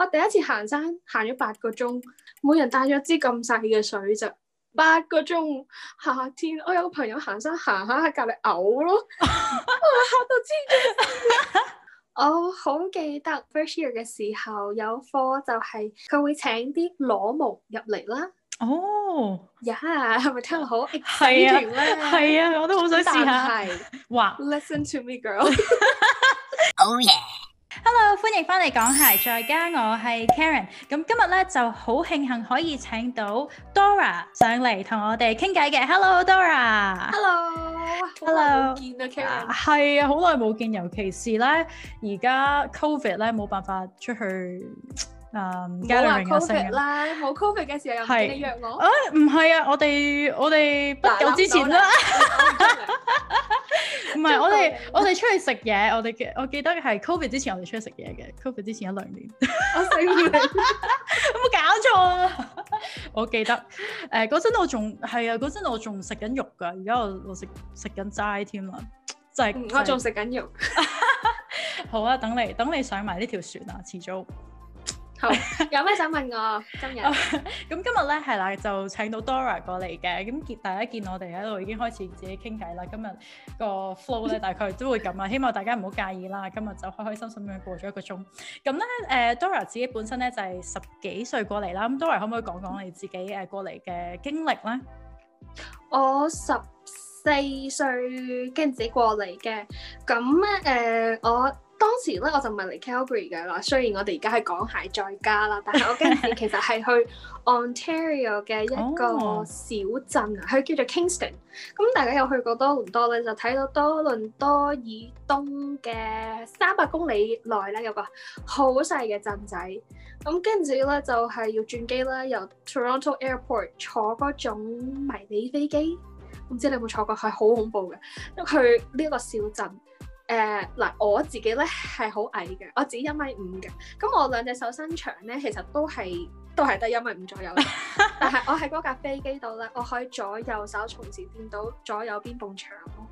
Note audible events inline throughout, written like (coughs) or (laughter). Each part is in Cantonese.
我第一次行山，行咗八個鐘，每人帶咗支咁細嘅水啫，八個鐘夏天，我有個朋友行山行下喺隔籬嘔咯， (laughs) 我嚇到黐線。我好記得 first year 嘅時候有課就係、是、佢會請啲裸模入嚟啦。哦呀，係咪聽落好？係啊係啊，我都好想試下。是哇！Listen to me, girl. (laughs) oh yeah. Hello，歡迎翻嚟港孩在加，我係 Karen，咁今日咧就好慶幸可以請到 Dora 上嚟同我哋傾偈嘅。Hello，Dora。Hello，Hello，Hello。見到 Karen 係、uh, 啊，好耐冇見，尤其是咧而家 Covid 咧冇辦法出去。嗱，梗係話 covid 啦，冇 covid 嘅時候又見你約我。誒，唔係啊，我哋我哋不久之前啦。唔係，我哋我哋出去食嘢，我哋嘅我記得係 covid 之前，我哋出去食嘢嘅。covid 之前一兩年。我醒唔起，有冇搞錯啊？我記得，誒嗰陣我仲係啊，嗰陣我仲食緊肉㗎，而家我食食緊齋添啦，就係我仲食緊肉。好啊，等你等你上埋呢條船啊，遲早。有咩想問我今日？咁今日咧係啦，就請到 Dora 過嚟嘅。咁見大家見我哋喺度已經開始自己傾偈啦。今日個 flow 咧大概都會咁啊，希望大家唔好介意啦。今日就開開心心咁樣過咗一個鐘。咁咧，誒 Dora 自己本身咧就係十幾歲過嚟啦。咁 Dora 可唔可以講講你自己誒過嚟嘅經歷咧？我十四歲跟自己過嚟嘅。咁誒我。當時咧我就唔係嚟 Calgary 嘅啦，雖然我哋而家係講港孩在加啦，但係我跟住其實係去 Ontario 嘅一個小鎮啊，佢、oh. 叫做 Kingston。咁大家有去過多倫多咧，就睇到多倫多以東嘅三百公里內咧有個好細嘅鎮仔。咁跟住咧就係、是、要轉機啦，由 Toronto Airport 坐嗰種迷你飛機，唔知你有冇坐過，係好恐怖嘅，去呢一個小鎮。誒嗱，我自己咧係好矮嘅，我自己一米五嘅。咁我兩隻手伸長咧，其實都係都係得一米五左右。但係我喺嗰架飛機度咧，我可以左右手同時見到左右邊埲牆咯。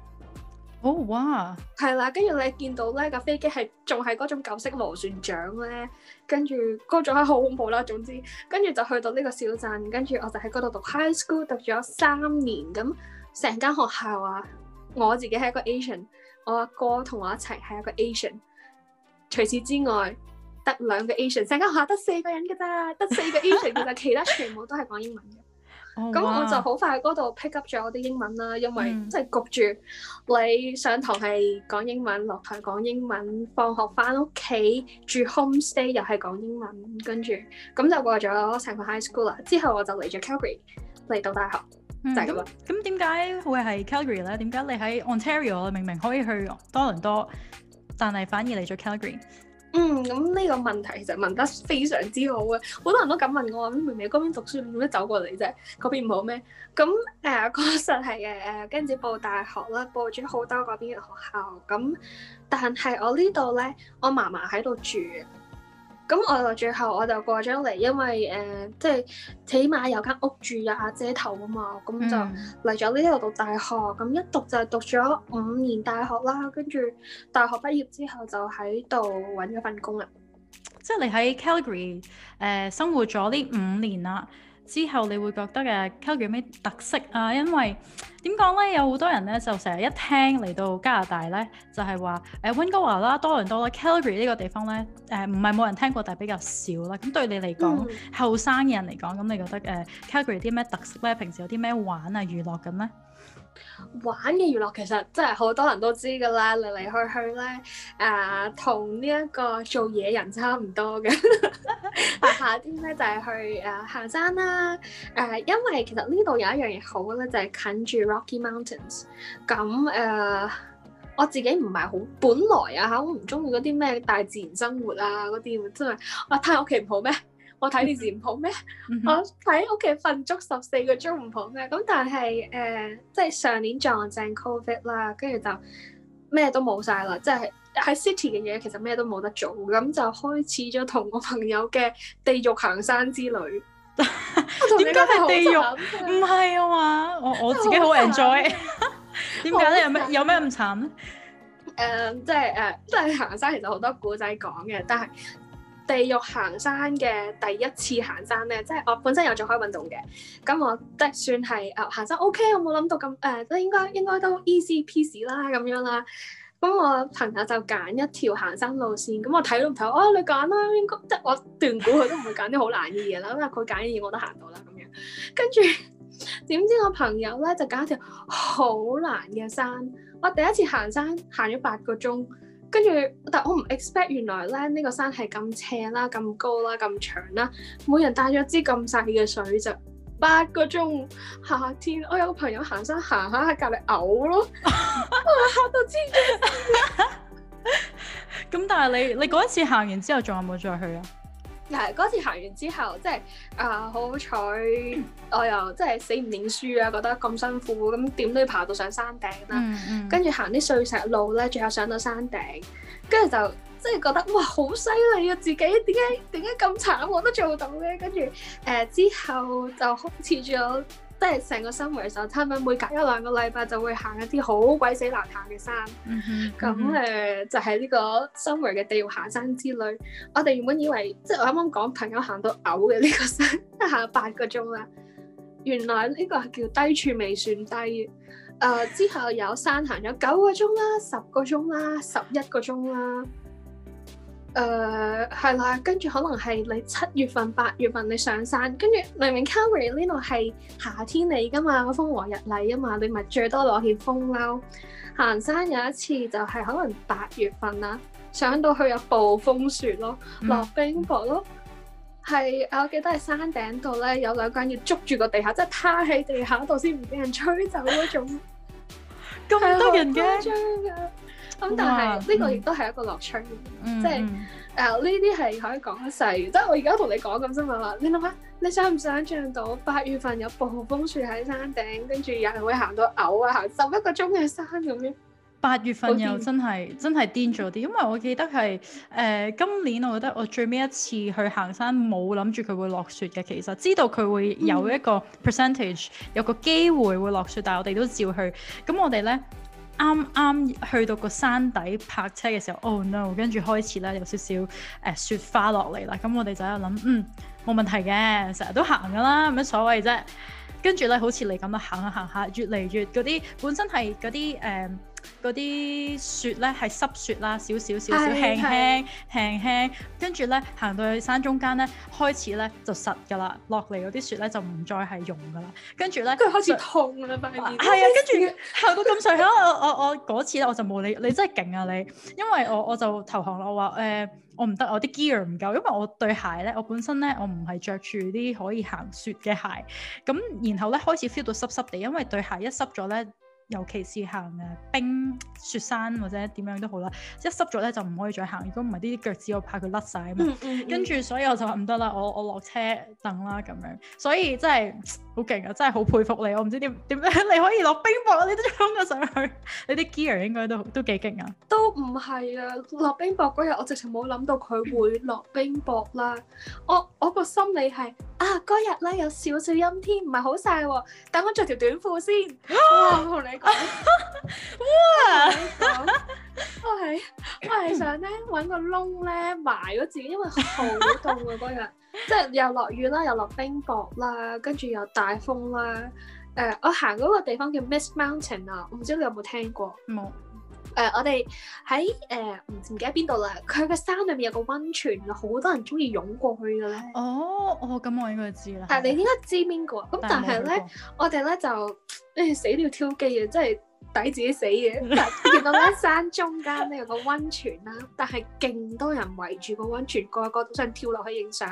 好哇！係啦，跟住你見到咧架飛機係仲係嗰種舊式螺旋槳咧，跟住嗰種係好恐怖啦。總之，跟住就去到呢個小鎮，跟住我就喺嗰度讀 high school 讀咗三年，咁成間學校啊，我自己係一個 Asian。我阿哥同我一齊係一個 Asian，除此之外得兩個 Asian，成間學校得四個人㗎咋，得四個 Asian，其實 (laughs) 其他全部都係講 …Oh, wow. 講英文嘅。咁我就好快喺嗰度 pick up 咗我啲英文啦，因為即係焗住你上堂係講英文，落堂講英文，放學翻屋企住 home stay 又係講英文，跟住咁就過咗成個 high school 啦。之後我就嚟咗 Calgary 嚟到大學。嗯，咁咁點解會係 Calgary 咧？點解你喺 Ontario 明明可以去多倫多，但係反而嚟咗 Calgary？嗯，咁呢個問題其實問得非常之好啊！好多人都咁問我話：明明嗰邊讀書，點解走過嚟啫？嗰邊唔好咩？咁誒，確實係嘅誒，跟住報大學啦，報咗好多嗰邊嘅學校咁，但係我呢度咧，我嫲嫲喺度住。咁我就最後我就過咗嚟，因為誒、呃，即係起碼有間屋住，有、呃、瓦遮頭啊嘛。咁就嚟咗呢度讀大學，咁一讀就讀咗五年大學啦。跟住大學畢業之後，就喺度揾咗份工啦。即係你喺 Calgary 誒、呃、生活咗呢五年啦，之後你會覺得嘅 Calgary 咩特色啊？因為點講呢？有好多人呢，就成日一聽嚟到加拿大呢，就係話誒溫哥華啦、多倫多啦、Calgary 呢個地方呢，誒唔係冇人聽過，但係比較少啦。咁對你嚟講，後生嘅人嚟講，咁你覺得誒、呃、Calgary 啲咩特色呢？平時有啲咩玩啊、娛樂咁呢？玩嘅娛樂其實真係好多人都知噶啦，嚟嚟去去咧，誒、呃，同呢一個做嘢人差唔多嘅。但、 (laughs) 啊、夏天咧就係、是、去誒行、呃、山啦，誒、呃，因為其實呢度有一樣嘢好咧，就係、是、近住 Rocky Mountains。咁、呃、誒，我自己唔係好本來啊吓，我唔中意嗰啲咩大自然生活啊，嗰啲真係，我睇屋企唔好咩？ (laughs) 我睇電視唔好咩？ (laughs) 我喺屋企瞓足十四個鐘唔好咩？咁但係誒、呃，即係上年撞正 COVID 啦，跟住就咩都冇晒啦，即係喺 City 嘅嘢其實咩都冇得做，咁就開始咗同我朋友嘅地獄行山之旅。點解係地獄？唔係啊嘛，我我自己好 enjoy。點解咧？ (laughs) 有咩有咩咁慘咧、 (laughs) 嗯？即係誒，即係行山其實好多古仔講嘅，但係。地獄行山嘅第一次行山咧，即係我本身有做開運動嘅，咁我都算係誒行山 OK，我冇諗到咁誒都應該應該都 easy peasy 啦咁樣啦。咁我朋友就揀一條行山路線，咁我睇都唔睇，我、哦、你揀啦，應該即係我斷估佢都唔會揀啲好難嘅嘢啦， (laughs) 因為佢揀啲嘢我都行到啦咁樣。跟住點知我朋友咧就揀一條好難嘅山，我第一次行山行咗八個鐘。跟住，但係我唔 expect 原來咧呢個山係咁斜啦、咁高啦、咁長啦，每人帶咗支咁細嘅水就八個鐘。夏天，我有個朋友行山行下下隔離嘔咯，嚇到黐線。咁但係你你嗰一次行完之後，仲有冇再去啊？係，嗰次行完之後，即係啊，好彩 (noise) 我又即係死唔認輸啊，覺得咁辛苦，咁點都要爬到上山頂啦、啊，跟住行啲碎石路咧，最後上到山頂，跟住就即係覺得哇，好犀利啊！自己點解點解咁慘，我都做到嘅，跟住誒之後就開始咗。即係成個 summer 時候，差唔多每隔一兩個禮拜就會行一啲好鬼死難行嘅山。咁誒、mm hmm. mm hmm. 就係呢個 summer 嘅地獄行山之旅。我哋原本以為，即係我啱啱講朋友行到嘔嘅呢個山，即 (laughs) 係行八個鐘啦。原來呢個係叫低處未算低。誒、呃、之後有山行咗九個鐘啦，十個鐘啦，十一個鐘啦。誒係、呃、啦，跟住可能係你七月份、八月份你上山，跟住明明 Calgary 呢度係夏天嚟噶嘛，風和日麗啊嘛，你咪最多攞件風褸行山。有一次就係可能八月份啦，上到去有暴風雪咯，落冰雹咯。係、嗯、我記得係山頂度咧，有兩個人要捉住個地下，即、就、係、是、趴喺地下度先唔俾人吹走嗰種。咁 (laughs) 多人嘅？哎咁但係呢、嗯、個亦都係一個樂趣，嗯、即係誒呢啲係可以講一世嘅。即係我而家同你講咁啫嘛，你諗下，你想唔想像到，月寶寶到、啊、八月份有暴風雪喺山頂，跟住又會行到嘔啊，行十一個鐘嘅山咁樣？八月份又真係真係癲咗啲，因為我記得係誒、呃、今年，我覺得我最尾一次去行山冇諗住佢會落雪嘅。其實知道佢會有一個 percentage 有個機會會落雪，嗯、但係我哋都照去。咁我哋咧。啱啱去到個山底泊車嘅時候，oh no，跟住開始咧有少少誒雪花落嚟啦。咁我哋就喺度諗，嗯，冇問題嘅，成日都行噶啦，冇乜所謂啫。跟住咧，好似你咁樣，行下行下，越嚟越嗰啲本身係嗰啲誒。呃嗰啲雪咧係濕雪啦，少少少少輕輕輕輕，跟住咧行到去山中間咧，開始咧就實㗎啦，落嚟嗰啲雪咧就唔再係溶㗎啦，跟住咧佢開始痛啦，塊面。係啊，跟住行到咁上下，我我我嗰次咧我就冇理。你真係勁啊你，因為我我就投降啦，我話誒我唔得，我啲 gear 唔夠，因為我對鞋咧，我本身咧我唔係着住啲可以行雪嘅鞋，咁然後咧開始 feel 到濕濕地，因為對鞋一濕咗咧。呢呢呢呢呢呢尤其是行誒冰雪山或者點樣都好啦，一濕咗咧就唔可以再行，如果唔係啲腳趾我會怕佢甩晒啊嘛。嗯嗯嗯跟住所以我就話唔得啦，我我落車等啦咁樣。所以真係好勁啊，真係好佩服你。我唔知點樣，點樣你可以落冰雹，你都衝咗上去，你啲 gear 應該都都幾勁啊？都唔係啊，落冰雹嗰日我直情冇諗到佢會落冰雹啦。我我個心理係。啊，嗰日咧有少少陰天，唔係好晒喎。等我着條短褲先。哇，同你講，哇， (laughs) 我係我係想咧揾個窿咧埋咗自己，因為好凍啊嗰日， (laughs) 即係又落雨啦，又落冰雹啦，跟住又大風啦。誒、呃，我行嗰個地方叫 Mist Mountain 啊，我唔知你有冇聽過。冇。誒，我哋喺誒唔唔記得邊度啦。佢個山裏面有個溫泉，好多人中意湧過去嘅咧。哦，哦，咁我應該知啦。但係你應該知邊個啊？咁但係咧，我哋咧就誒死了挑機啊！真係。抵自己死嘅，見到咧山中間咧有個温泉啦， (laughs) 但係勁多人圍住個温泉，個、個個都想跳落去影相。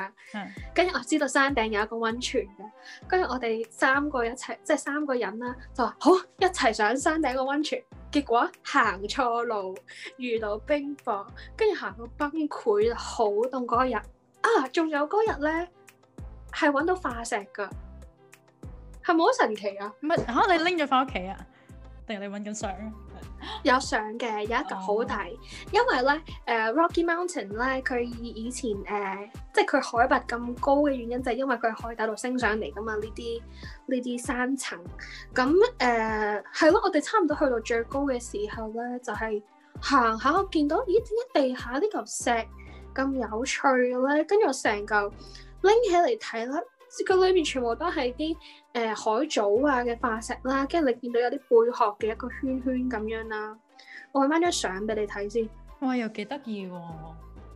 跟住，嗯、我知道山頂有一個温泉嘅，跟住我哋三個一齊，即係三個人啦，就話好一齊上山頂個温泉。結果行錯路，遇到冰雹，跟住行到崩潰，好凍嗰日啊！仲有嗰日咧，係搵到化石噶，係咪好神奇啊？唔係，可能你拎咗翻屋企啊？定係你揾緊相？有相嘅，有一嚿好睇，oh. 因為咧，誒、呃、Rocky Mountain 咧，佢以以前誒、呃，即係佢海拔咁高嘅原因就係因為佢係海底度升上嚟㗎嘛。呢啲呢啲山層，咁誒係咯，我哋差唔多去到最高嘅時候咧，就係行下我見到，咦？點解地下呢嚿石咁有趣嘅咧？跟住我成嚿拎起嚟睇啦，佢裏面全部都係啲。誒海藻啊嘅化石啦，跟住你見到有啲貝殼嘅一個圈圈咁樣啦，我揾翻張相俾你睇先。哇，又幾得意喎！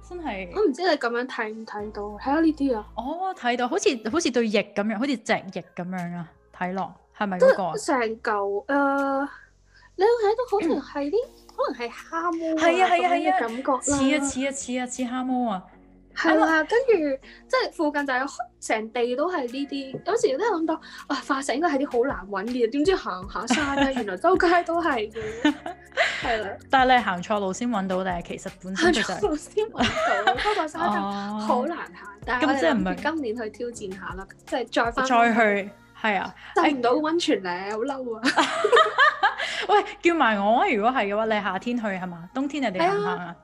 真係，我唔知你咁樣睇唔睇到，睇下呢啲啊。哦，睇到，好似好似對翼咁樣，好似隻翼咁樣啊！睇落係咪嗰個？都成嚿誒，你會睇到好似係啲，可能係蝦毛，係啊係啊係啊，感覺似啊似啊似啊似蝦毛啊！係啊，跟住即係附近就係成地都係呢啲，有時都諗到哇，化石應該係啲好難揾嘅，點知行下山咧，原來周街都係嘅，係啦。但係你行錯路先揾到，定係其實本身就行錯路先揾到，不過山好難行。但咁即係唔係今年去挑戰下啦，即係再翻再去，係啊，浸唔到溫泉咧，好嬲啊！喂，叫埋我，如果係嘅話，你夏天去係嘛？冬天你哋行啊？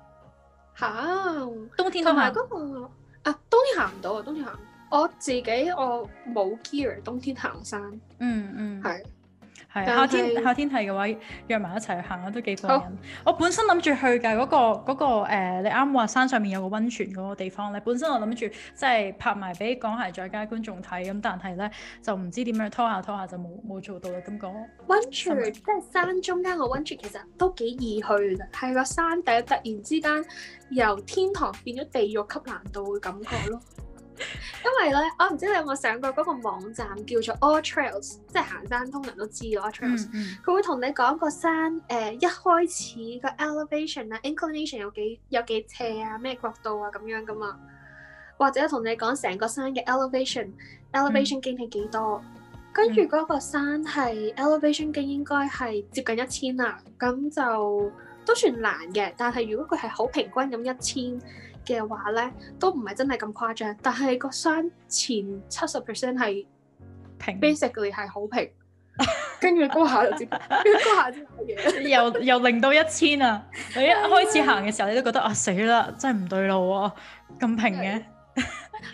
Oh, 行，冬天同埋嗰個啊，冬天行唔到啊，冬天行唔到。 (noise) 我自己我冇 gear 冬天行山，嗯嗯，係。 (noise) 夏天夏天係嘅話，約埋一齊去行都幾過癮。好我本身諗住去㗎，嗰、那個嗰、那個呃、你啱話山上面有個温泉嗰個地方咧。本身我諗住即係拍埋俾港孩在加觀眾睇咁，但係咧就唔知點樣拖下拖下就冇冇做到啦咁講。温、那個、泉即係嗎山中間個温泉，其實都幾易去嘅，係個山頂突然之間由天堂變咗地獄級難度嘅感覺咯。 (laughs) (laughs) 因為咧，我唔知你有冇上過嗰個網站叫做 All Trails，即係行山通能都知嘅 All Trails、嗯。佢、嗯、會同你講個山，誒、呃，一開始個 elevation 啊，inclination 有幾有幾斜啊，咩角度啊咁樣噶嘛。或者同你講成個山嘅 elevation，elevation 徑係幾多，嗯、跟住嗰個山係 elevation 徑應該係接近一千啦，咁就都算難嘅。但係如果佢係好平均咁一千。嘅話咧，都唔係真係咁誇張，但係個山前七十 percent 係平，basically 係好平，跟住高下又跌，嗰 (laughs) 下啲乜嘢？又又零到一千啊！ (laughs) 你一開始行嘅時候，吧你都覺得啊死啦，真係唔對路啊，咁平嘅、啊。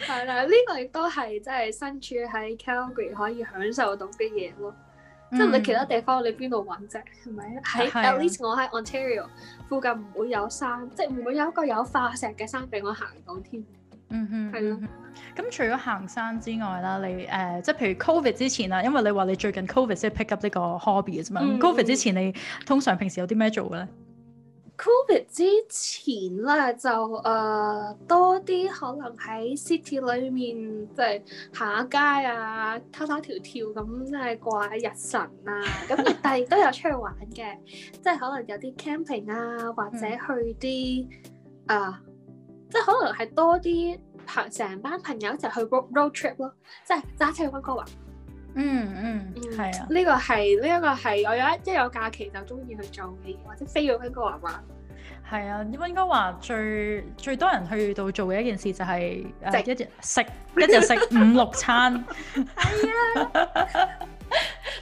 係啦的，呢個亦都係即係身處喺 Calgary 可以享受到嘅嘢咯。嗯、即係你其他地方你，你邊度揾啫？係咪？喺 at least 我喺 Ontario 附近唔會有山，即係唔會有一個有化石嘅山俾我行到添。嗯嗯，係咯的。咁除咗行山之外啦，你誒即係譬如 Covid 之前啊，因為你話你最近 Covid 先 pick up 呢個 hobby 嘅啫嘛。Covid 之前你通常平時有啲咩做嘅咧？嗯 Covid 之前咧就誒、呃、多啲可能喺 city 裏面，即係行下街啊，偷偷條條咁，即係過下日神啊。咁但係都有出去玩嘅，即係可能有啲 camping 啊，或者去啲誒，即係、嗯啊就是、可能係多啲朋成班朋友一齊去 road, road trip 咯，即係揸車去溫哥華。嗯嗯嗯，嗯嗯啊！呢個係呢一個係我有一一有假期就中意去做嘢，或者飛咗溫哥華玩係啊。應該應該話最最多人去到做嘅一件事就係、是、誒直、呃、一日食呵一日食五六餐係啊，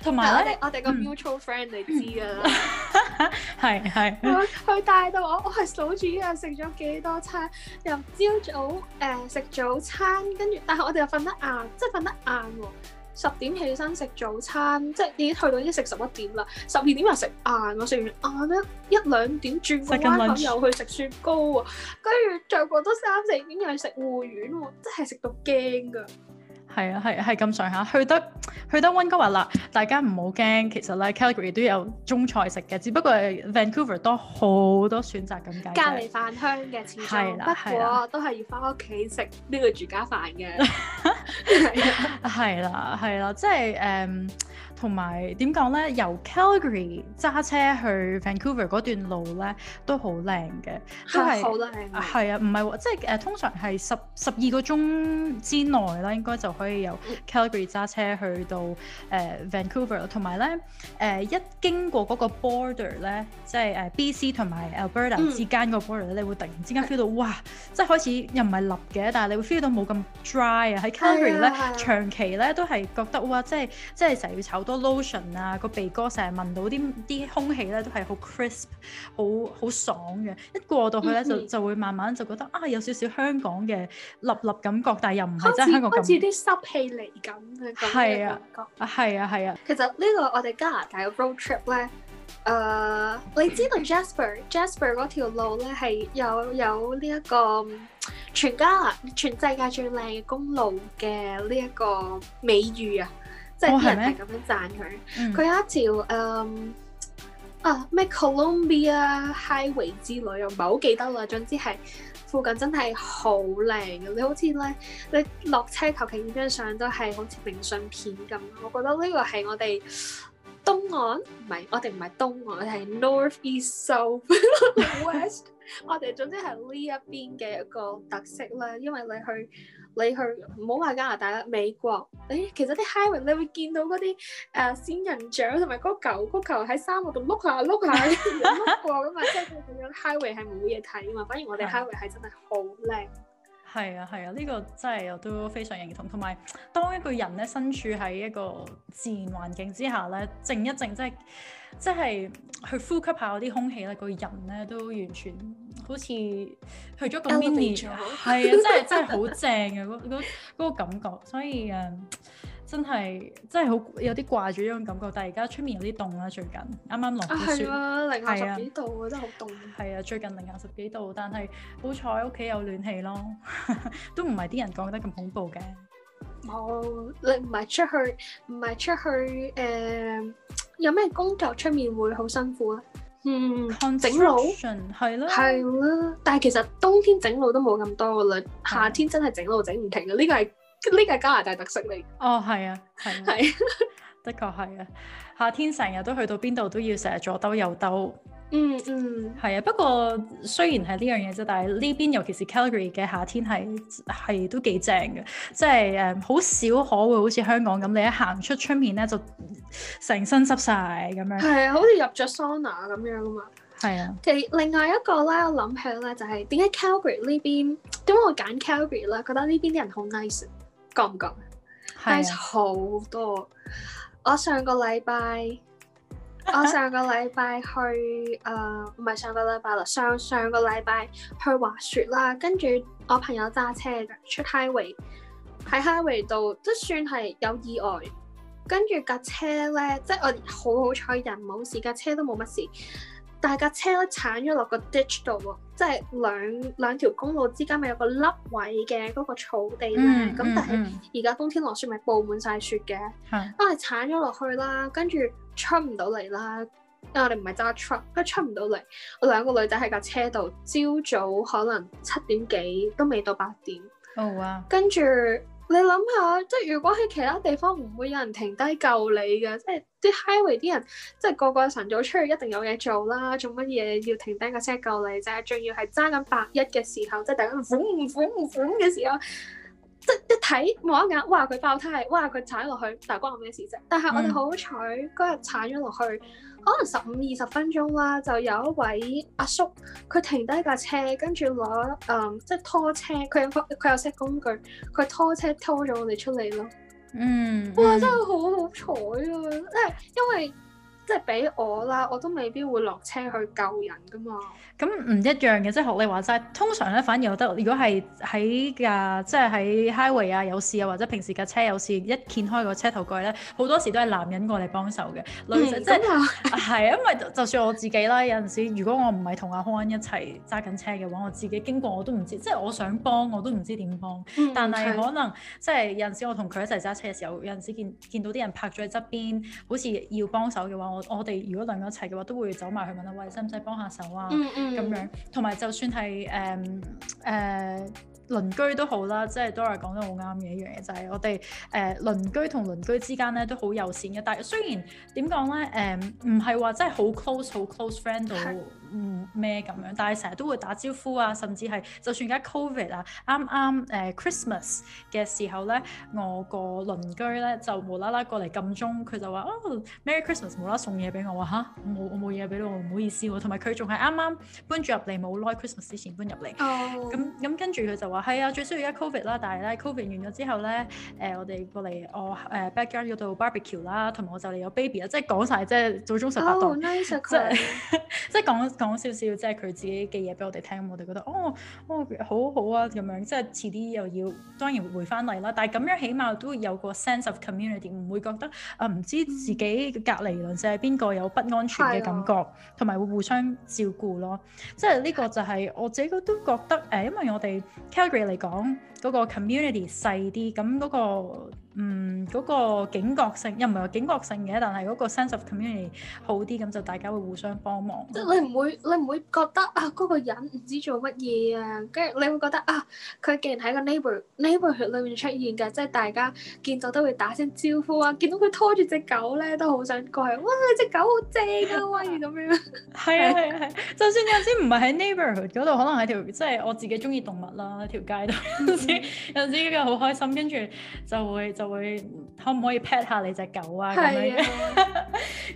同埋我哋我哋個 mutual friend 你知㗎啦，係係佢帶到我我係數住呢啊食咗幾多餐，又朝早誒食早餐，跟、呃、住但係我哋又瞓得晏，即係瞓得晏喎。十點起身食早餐，即係已經去到已經食十一點啦。十二點又食晏，我食完晏咧，一兩點轉彎口又去食雪糕喎，跟住再過多三四點又去食芋圓喎，真係食到驚㗎～係啊，係係咁上下，去得去得溫哥華啦。大家唔好驚，其實咧 Calgary 都有中菜食嘅，只不過 Vancouver 多好多選擇咁解。隔離飯香嘅始終，啊、不過、啊、都係要返屋企食呢個住家飯嘅。係啦，係啦，即係誒。同埋點講咧？由 Calgary 揸車去 Vancouver 嗰段路咧，都好靚嘅，都係好靚，係係啊，唔係、啊，即係誒、呃、通常係十十二個鐘之內啦，應該就可以由 Calgary 揸車去到誒、呃、Vancouver。同埋咧誒一經過個 border 咧，即係誒 BC 同埋 Alberta 之間個 border 咧，嗯，你會突然之間 feel 到哇！即係開始又唔係立嘅，但係你會 feel 到冇咁 dry 啊。喺 Calgary 咧，啊、長期咧都係覺得哇！即係即係成日要炒多。Lotion 啊，個鼻哥成日聞到啲啲空氣咧，都係好 crisp，好好爽嘅。一過到去咧，就就會慢慢就覺得啊，有少少香港嘅立立感覺，但係又唔係真香港咁。好似好似啲濕氣嚟咁嘅感覺，係啊，係啊，係啊。其實呢個我哋加拿大嘅 road trip 咧，誒，你知道 Jasper Jasper 嗰條路咧係有有呢一個全加拿大、全世界最靚嘅公路嘅呢一個美譽啊。即係啲人係咁樣讚佢，佢有一條誒啊，咩 Columbia Highway 之旅，又唔係好記得啦。總之係附近真係好靚嘅，你好似咧，你落車求其影張相都係好似明信片咁。我覺得呢個係我哋東岸，唔係，我哋唔係東岸，我哋係 North East South West。我哋總之係呢一邊嘅一個特色啦，因為你去。你去唔好話加拿大啦，美國，誒、欸，其實啲 highway 你會見到嗰啲誒仙人掌同埋嗰嚿嗰嚿喺沙漠度碌下碌下碌過㗎嘛，即係佢咁樣 highway 係冇嘢睇啊嘛，反而我哋 highway 係真係好靚。係啊係啊，呢個真係我都非常認同。同埋，當一個人咧身處喺一個自然環境之下咧，靜一靜，即係即係去呼吸下嗰啲空氣咧，個人咧都完全好似去咗咁 mini 係啊，真係真係好正嘅嗰、 (laughs) 嗰個感覺，所以誒。呃真係真係好有啲掛住呢種感覺，但係而家出面有啲凍啦，最近啱啱落啲雪，零下十幾度啊，真係好凍。係啊，最近零下十幾度，但係好彩屋企有暖氣咯， (laughs) 都唔係啲人講得咁恐怖嘅。冇、哦，你唔係出去，唔係出去，誒、呃，有咩工作出面會好辛苦啊？嗯，整 Construction, 路係咯，係咯了，但係其實冬天整路都冇咁多噶啦，夏天真係整路整唔停啦，呢個係。呢個係加拿大特色嚟。哦，係啊，係、啊，啊、的確係啊。夏天成日都去到邊度都要成日左兜右兜。嗯，嗯，係啊。不過雖然係呢樣嘢啫，但係呢邊尤其是 Calgary 嘅夏天係係、嗯、都幾正嘅，即係誒好少可會好似香港咁，你一行出出面咧就成身濕晒咁樣。係啊，好似入咗桑拿咁樣啊嘛。係啊。其另外一個咧，我諗起咧就係點解 Calgary 呢邊？點解我揀 Calgary 咧？覺得呢邊啲人好 nice。覺唔覺？係啊、好多。我上個禮拜，我上個禮拜去，誒、 (laughs) 呃，唔係上個禮拜啦，上上個禮拜去滑雪啦。跟住我朋友揸車出 highway，喺 highway 度都算係有意外。跟住架車咧，即係我好好彩，人冇事，架車都冇乜事。但架車咧鏟咗落個 ditch 度喎，即係兩兩條公路之間咪有個凹位嘅嗰個草地咧，咁、嗯嗯嗯、但係而家冬天落雪咪布滿晒雪嘅，我哋鏟咗落去啦，跟住出唔到嚟啦，因為我哋唔係揸 truck，佢出唔到嚟，我兩個女仔喺架車度，朝早可能七點幾都未到八點，哦啊，跟住。你諗下，即係如果喺其他地方唔會有人停低救你嘅，即係啲 highway 啲人，即係個個晨早出去一定有嘢做啦，做乜嘢要停低架車救你就啫？仲要係揸緊八一嘅時候，即係突然間款唔款唔款嘅時候，即係一睇望一眼，哇！佢爆胎，哇！佢踩落去，但係關我咩事啫？但係我哋好彩，嗰、嗯、日踩咗落去。可能十五二十分鐘啦，就有一位阿叔，佢停低架車，跟住攞嗯，即係拖車，佢有工，佢有 set 工具，佢拖車拖咗我哋出嚟咯嗯。嗯，哇，真係好好彩啊！即係因為。即係俾我啦，我都未必會落車去救人噶嘛。咁唔一樣嘅，即係學你話齋，通常咧反而我覺得，如果係喺架即係喺 highway 啊有事啊，或者平時架車有事一掀開個車頭蓋咧，好多時都係男人過嚟幫手嘅，女仔真係係，因為就算我自己啦，有陣時如果我唔係同阿康恩一齊揸緊車嘅話，我自己經過我都唔知，即係我想幫我都唔知點幫，但係可能即係有陣時我同佢一齊揸車嘅時候，有陣時見見,見到啲人拍咗喺側邊，好似要幫手嘅話，我。我哋如果兩個一齊嘅話，都會走埋去問下喂，使唔使幫下手啊？咁、嗯嗯、樣，同埋就算係誒誒鄰居都好啦，即係 Dora 講得好啱嘅一樣嘢，就係、是就是、我哋誒、呃、鄰居同鄰居之間咧，都好友善嘅。但係雖然點講咧，誒唔係話真係好 close 好 close friend 到。嗯咩咁樣，但係成日都會打招呼啊，甚至係就算而家 Covid 啊，啱啱誒 Christmas 嘅時候咧，我個鄰居咧就無啦啦過嚟撳鐘，佢就話哦 Merry Christmas，無啦送嘢俾我話嚇，我冇嘢俾你，我唔好意思喎。同埋佢仲係啱啱搬住入嚟，冇耐 Christmas 之前搬入嚟。哦。咁咁跟住佢就話係啊，最需要而家 Covid 啦，但係咧 Covid 完咗之後咧，誒我哋過嚟我誒 background 要做 barbecue 啦，同埋我就嚟有 baby 啊，即係講晒，即係祖宗十八度，即係即係講。講少少即係佢自己嘅嘢俾我哋聽，我哋覺得哦哦好好啊咁樣，即係遲啲又要當然會回翻嚟啦。但係咁樣起碼都有個 sense of community，唔會覺得誒唔、嗯、知自己隔離鄰舍係邊個有不安全嘅感覺，同埋、啊、會互相照顧咯。即係呢個就係我自己都覺得誒、欸，因為我哋 Calgary 嚟講。嗰個 community 細啲，咁嗰個嗯嗰個警覺性又唔係話警覺性嘅，但係嗰個 sense of community 好啲，咁就大家會互相幫忙。即係你唔會你唔會覺得啊嗰個人唔知做乜嘢啊，跟住你會覺得啊佢既然喺個 neighbour neighbourhood 裏面出現㗎，即係大家見到都會打聲招呼啊，見到佢拖住隻狗咧都好想過去，哇！隻狗好正啊」，「喂，咁樣。係啊係啊係，就算有時唔係喺 neighbourhood 嗰度，可能喺條即係我自己中意動物啦，條街度。 (music) 有時呢個好開心，跟住就會就會，就會可唔可以 pet 下你隻狗啊咁樣？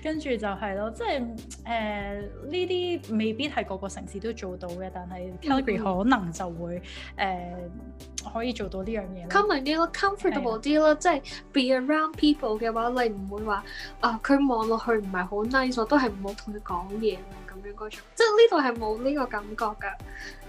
跟住 (music) (laughs) 就係、是、咯，即係誒呢啲未必係個個城市都做到嘅，但係 Calgary、mm hmm. 可能就會誒、呃、可以做到呢樣嘢咯。Common 啲咯，comfortable 啲咯，即 (noise) 係樂 (music) be around people 嘅話，你唔會話啊佢望落去唔係好 nice，我都係唔好同佢講嘢。即係呢度係冇呢個感覺噶，誒、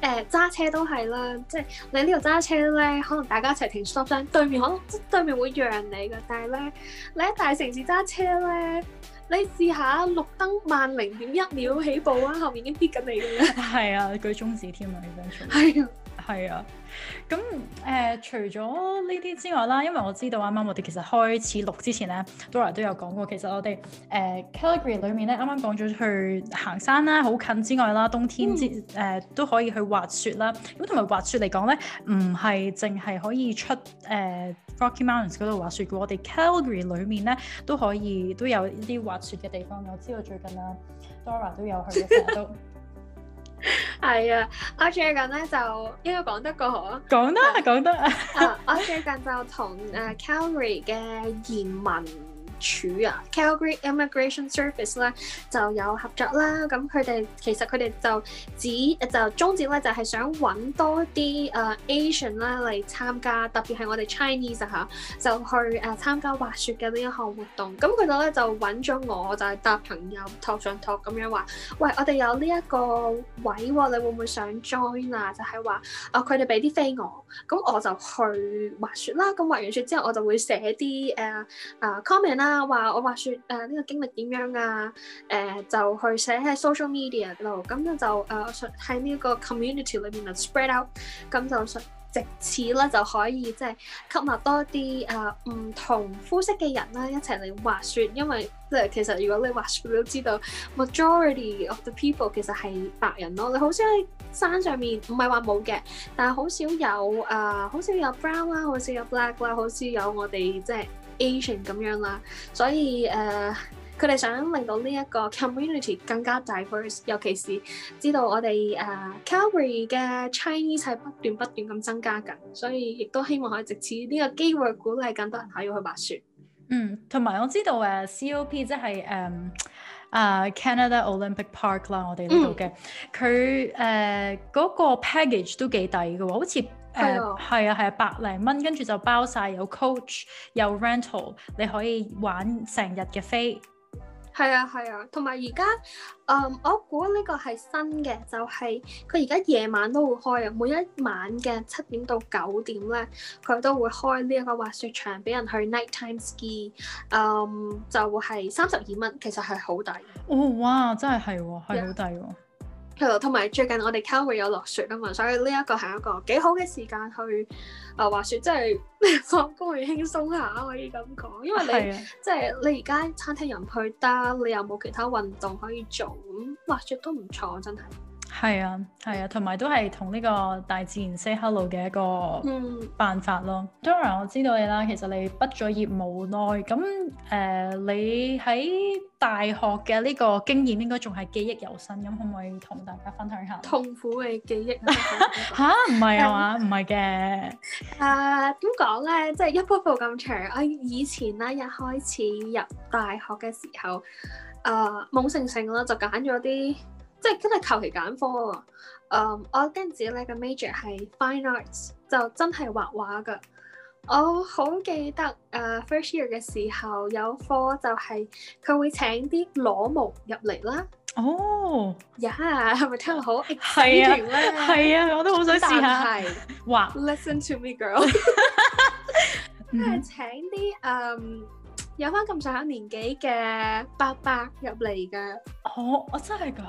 呃，揸車都係啦，即、就、係、是、你呢度揸車咧，可能大家一齊停 stop，對面可能對面會讓你噶，但係咧你喺大城市揸車咧，你試下綠燈慢，零點一秒起步啊，後面已經逼緊你咁樣，係 (laughs) (laughs) 啊，佢舉中指添啊，係啊，係啊。咁誒、呃、除咗呢啲之外啦，因為我知道啱啱我哋其實開始錄之前咧 (music) ，Dora 都有講過，其實我哋誒、呃、Calgary 裡面咧，啱啱講咗去行山啦，好近之外啦，冬天之誒、 (music) 呃、都可以去滑雪啦。咁同埋滑雪嚟講咧，唔係淨係可以出誒、呃、Rocky Mountains 嗰度滑雪嘅，我哋 Calgary 裡面咧都可以都有一啲滑雪嘅地方。我知道我最近啦、啊、Dora 都有去嘅成日都。 (laughs) 係啊， (laughs) 我最近咧就應該講得過嗬，講得講得 (laughs) (laughs) 啊！我最近就同誒 Calgary 嘅疑問。署啊，Calgary Immigration Service 咧就有合作啦。咁佢哋其實佢哋就指就宗旨咧，就係、就是、想揾多啲誒、uh, Asian 啦嚟參加，特別係我哋 Chinese 吓、啊，就去誒參、啊、加滑雪嘅呢一項活動，咁佢哋咧就揾咗我，就係搭朋友託上託咁樣話，喂，我哋有呢一個位喎，你會唔會想 join、就是、啊？就係話啊，佢哋俾啲飛我，咁我就去滑雪啦。咁滑完雪之後我就會寫啲誒啊、呃、comment 啦、啊。啊！我話我滑雪誒呢個經歷點樣啊？誒、呃、就去寫喺 social media 度，咁樣就誒喺呢個 community 裏面、啊、spread out，咁就想藉此咧就可以即係吸納多啲誒唔同膚色嘅人啦，一齊嚟滑雪。因為即係其實如果你滑雪都知道 majority of the people 其實係白人咯，你好少喺山上面唔係話冇嘅，但係好少有誒好、啊、少有 brown 啦，好少有 black 啦，好少有我哋即係。Asian 咁樣啦，所以誒，佢、uh, 哋想令到呢一個 community 更加 diverse，尤其是知道我哋誒、uh, Calgary 嘅 Chinese 係不斷不斷咁增加緊，所以亦都希望可以藉此呢個機會鼓勵更多人可以去滑雪。嗯，同埋我知道誒、uh, COP 即係誒誒 Canada Olympic Park 啦，我哋呢度嘅佢誒嗰個 package 都幾抵㗎喎，好似。係、呃、啊，係啊，啊，百零蚊，跟住就包晒，有 coach 有 rental，你可以玩成日嘅飛。係啊，係啊，同埋而家，嗯，我估呢個係新嘅，就係佢而家夜晚都會開啊，每一晚嘅七點到九點咧，佢都會開呢一個滑雪場俾人去 nighttime ski，嗯，就係三十二蚊，其實係好抵。哦，哇！真係係喎，係好抵喎。Yeah. 係咯，同埋最近我哋 Calgary 有落雪啊嘛，所以呢一個係一個幾好嘅時間去啊、呃、滑雪，即係放工可以輕鬆下可以咁講，因為你即係的你而家餐廳又唔去得，你又冇其他運動可以做，咁滑雪都唔錯，真係。係啊，係啊，同埋都係同呢個大自然色 l o 嘅一個辦法咯。嗯、r a 我知道你啦，其實你畢咗業冇耐，咁誒、呃、你喺大學嘅呢個經驗應該仲係記憶猶新，咁可唔可以同大家分享下痛苦嘅記憶吓？唔係啊嘛，唔係嘅。誒、點講咧，即係、uh, 就是、一波步咁長。我以前咧一開始入大學嘅時候，誒、呃、懵成成啦，就揀咗啲。即係真係求其揀科啊！誒、um，我跟住咧個 major 係 fine arts，就真係畫畫噶。我、oh, 好記得誒、uh, first year 嘅時候有科，就係佢會請啲裸模入嚟啦。哦，呀，咪聽好，係啊，係啊，啊，我都好想試下畫。是 (laughs) Listen to me, girl。即 (laughs) 係請啲誒、um, 有翻咁上下年紀嘅伯伯入嚟嘅。哦、oh,，我真係㗎。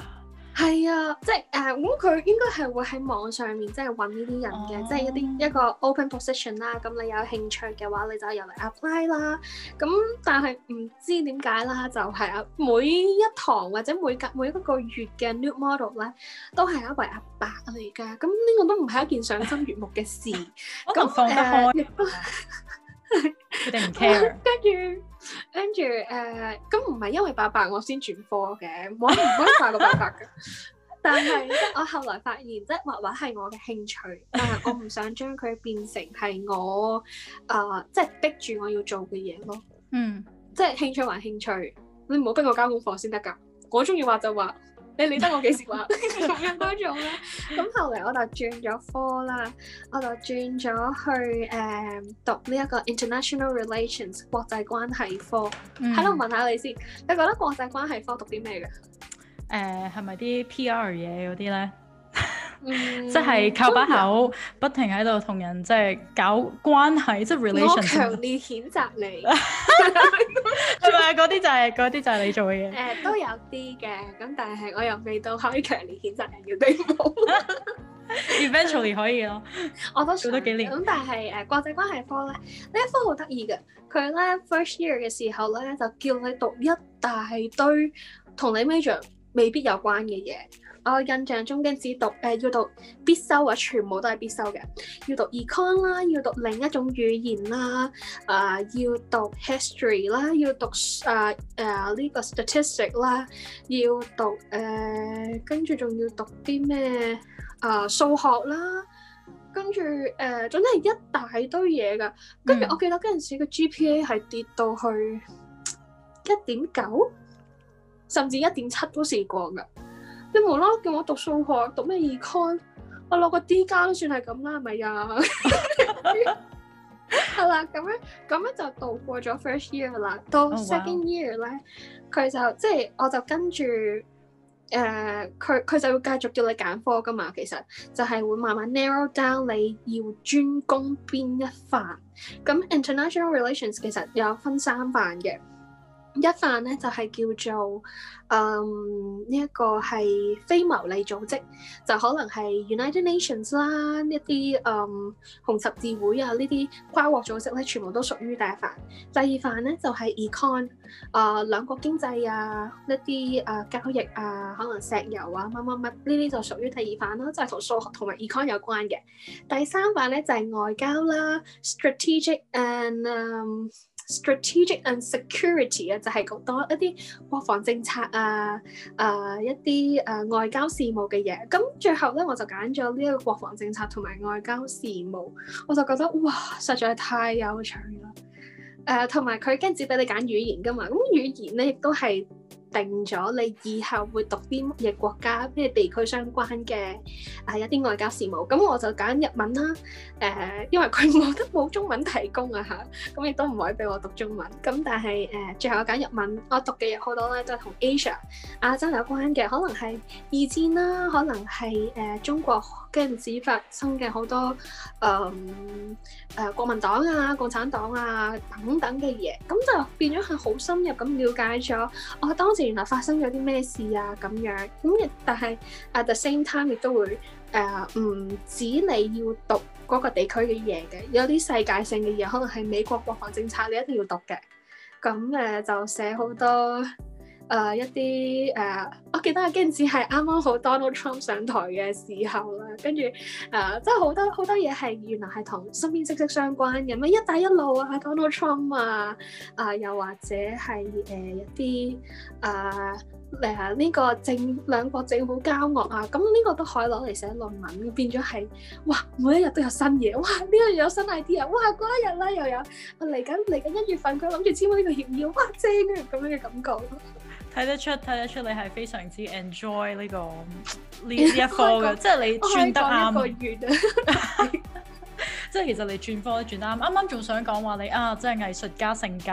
係啊，即係誒咁佢應該係會喺網上面即係揾呢啲人嘅，即係一啲一個 open position 啦。咁你有興趣嘅話，你就入嚟 apply 啦。咁但係唔知點解啦，就係啊每一堂或者每隔每一個月嘅 new model 咧，都係一位阿伯嚟㗎。咁呢個都唔係一件賞心悅目嘅事。咁放得開。佢哋唔 care。跟住，跟住， (laughs) 誒，咁唔係因為爸爸我先轉科嘅， (laughs) 我唔可以畫過爸爸噶。 (laughs) 但係，我後來發現，即係畫畫係我嘅興趣， (laughs) 但係我唔想將佢變成係我，誒，即係逼住我要做嘅嘢咯。嗯。即係興趣還興趣，你唔好跟個交功課先得噶。我中意畫就畫。你理得我幾時話咁樣嗰種咧？咁 (laughs) (laughs) 後嚟我就轉咗科啦，我就轉咗去誒、呃、讀呢一個 International Relations 國際關係科。喺度、嗯、問下你先，你覺得國際關係科讀啲咩嘅？誒、呃，係咪啲 PR 嘢嗰啲咧？即係靠把口，不停喺度同人即係搞關係，即係 relation。我強烈譴責你，係咪啊？嗰啲就係嗰啲就係你做嘅嘢。誒都有啲嘅，咁但係我又未到可以強烈譴責人嘅地步。Eventually 可以咯，我都做多幾年。咁但係誒國際關係科咧，呢一科好得意㗎。佢咧 first year 嘅時候咧，就叫你讀一大堆同你 major 未必有關嘅嘢。我印象中嘅只讀誒、呃、要讀必修啊，全部都係必修嘅，要讀 Econ 啦，要讀另一種語言啦，啊、呃，要讀 History 啦，要讀啊啊呢個 Statistics 啦，要讀誒，跟住仲要讀啲咩啊數學啦，跟住誒總之係一大堆嘢㗎。跟住我記得嗰陣時個 GPA 係跌到去一點九，甚至一點七都試過㗎。你無啦，叫我讀數學，讀咩 Econ 我攞個 D 加都算係咁啦，係咪呀？係啦，咁樣咁樣就度過咗 first year 啦。到 second year 咧，佢、oh, wow. 就即係、就是、我就跟住誒，佢、呃、佢就會繼續叫你揀科㗎嘛。其實就係會慢慢 narrow down 你要專攻邊一範。咁 international relations 其實有分三範嘅，一範咧就係叫做。誒呢一個係非牟利組織，就可能係 United Nations 啦，一啲誒紅十字會啊，呢啲跨國組織咧，全部都屬於第一範。第二範咧就係 econ，誒兩國經濟啊，一啲誒交易啊，可能石油啊乜乜乜，呢啲就屬於第二範啦，就係同數學同埋 econ 有關嘅。第三範咧就係外交啦，strategic and strategic and security 啊，就係講多一啲國防政策。啊啊、uh, uh, 一啲啊、uh, 外交事務嘅嘢，咁最後咧我就揀咗呢一個國防政策同埋外交事務，我就覺得哇，實在係太有趣啦！誒，同埋佢跟住俾你揀語言噶嘛，咁語言咧亦都係。定咗你以後會讀啲乜嘢國家、咩地區相關嘅啊一啲外交事務，咁我就揀日文啦。誒，因為佢冇得冇中文提供啊嚇，咁亦都唔可以俾我讀中文。咁但係誒，最後我揀日文，我讀嘅嘢好多咧，都係同 Asia 亞洲有關嘅，可能係二戰啦，可能係誒中國跟住只發生嘅好多誒誒國民黨啊、共產黨啊等等嘅嘢，咁就變咗係好深入咁瞭解咗我當。原來發生咗啲咩事啊？咁樣，咁亦但係 at the same time 亦都會誒，唔、呃、止你要讀嗰個地區嘅嘢嘅，有啲世界性嘅嘢，可能係美國國防政策，你一定要讀嘅。咁誒、呃、就寫好多。誒、uh, 一啲誒，uh, 我記得啊，嗰陣時係啱啱好 Donald Trump 上台嘅時候啦，跟住誒，uh, 真係好多好多嘢係原來係同身邊息息相關嘅，咩一帶一路啊，Donald Trump 啊，啊、uh, 又或者係誒、uh, 一啲誒誒呢個政兩國政府交惡啊，咁、這、呢個都可以攞嚟寫論文，變咗係哇，每一日都有新嘢，哇呢日、這個、有新 idea，哇過一日啦、啊、又有，嚟緊嚟緊一月份，佢諗住簽呢個協議，哇正啊咁樣嘅感覺。睇得出，睇得出你係非常之 enjoy 呢個呢一科嘅， (laughs) 即係你轉得啱。我月 (laughs) (laughs) 即係其實你轉科都轉得啱，啱啱仲想講話你啊，即係藝術家性格，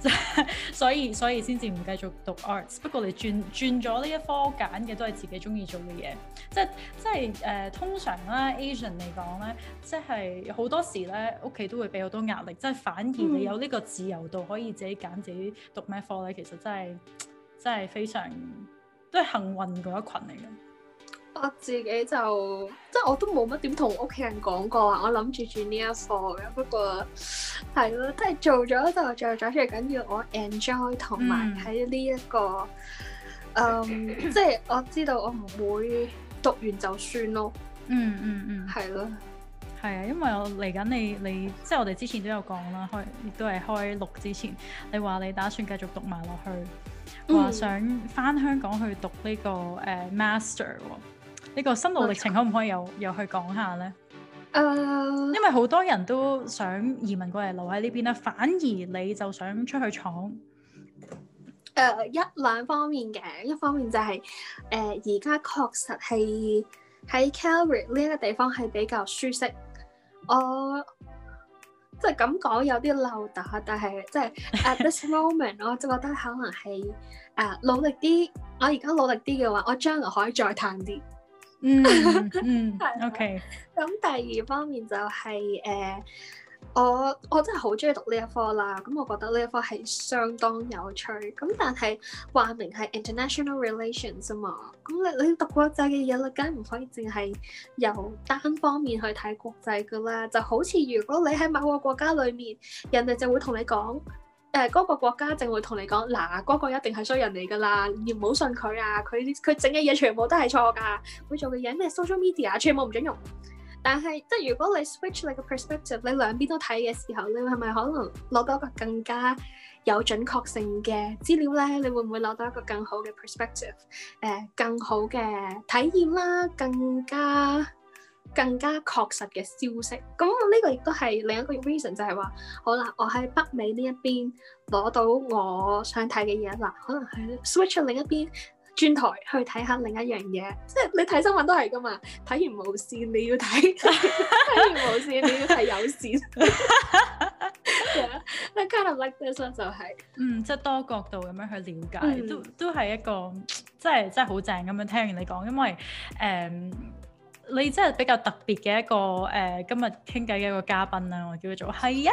即係所以所以先至唔繼續讀 arts。不過你轉轉咗呢一科揀嘅都係自己中意做嘅嘢，即係即係誒、呃、通常咧 Asian 嚟講咧，即係好多時咧屋企都會俾好多壓力，即係反而你有呢個自由度、嗯、可以自己揀自己讀咩科咧，其實真係～真係非常都係幸運嗰一群嚟嘅。我自己就即係我都冇乜點同屋企人講過，我諗住住呢一科嘅。不過係咯，即係做咗就做咗，最緊要我 enjoy 同埋喺呢一個，誒、嗯，即係、嗯就是、我知道我唔會讀完就算咯 (laughs) 的、嗯。嗯嗯嗯，係咯的，係啊，因為我嚟緊你你，你，即係我哋之前都有講啦，開亦都係開錄之前，你話你打算繼續讀埋落去。話想返香港去讀呢、這個誒、uh, master 喎、哦，呢、這個心路歷程可唔可以又又去講下呢？誒，uh, 因為好多人都想移民過嚟留喺呢邊啦，反而你就想出去闖。誒、uh, 一兩方面嘅，一方面就係誒而家確實係喺 Calgary 呢一個地方係比較舒適。我。即係咁講有啲溜達，但係即係 at this moment，我就覺得可能係誒努力啲。我而家努力啲嘅話，我將來可以再攤啲。嗯嗯，嗯，OK。咁、 (music) 嗯、第二方面就係、是、誒。呃我我真係好中意讀呢一科啦，咁我覺得呢一科係相當有趣。咁但係話明係 international relations 啊嘛，咁你你讀國際嘅嘢，你梗唔可以淨係由單方面去睇國際噶啦。就好似如果你喺某個國家裏面，人哋就會同你講，誒、呃、嗰、嗰個國家淨會同你講，嗱、呃、嗰、嗰個一定係衰人嚟噶啦，你唔好信佢啊，佢佢整嘅嘢全部都係錯噶，佢做嘅嘢咩 social media 全部唔準用。但係，即係如果你 switch 你個 perspective，你兩邊都睇嘅時候，你係咪可能攞到一個更加有準確性嘅資料咧？你會唔會攞到一個更好嘅 perspective？誒、呃，更好嘅體驗啦，更加更加確實嘅消息。咁呢個亦都係另一個 reason，就係話，好啦，我喺北美呢一邊攞到我想睇嘅嘢啦，可能喺 switch 另一邊。轉台去睇下另一樣嘢，即係你睇新聞都係噶嘛？睇完無線你要睇，睇 (laughs) 完無線 (laughs) 你要睇有線，係啊，A kind of like this 就係、是、嗯，即係多角度咁樣去了解，嗯、都都係一個即係即係好正咁樣。聽完你講，因為誒、呃、你真係比較特別嘅一個誒、呃、今日傾偈嘅一個嘉賓啦，我叫佢做係啊。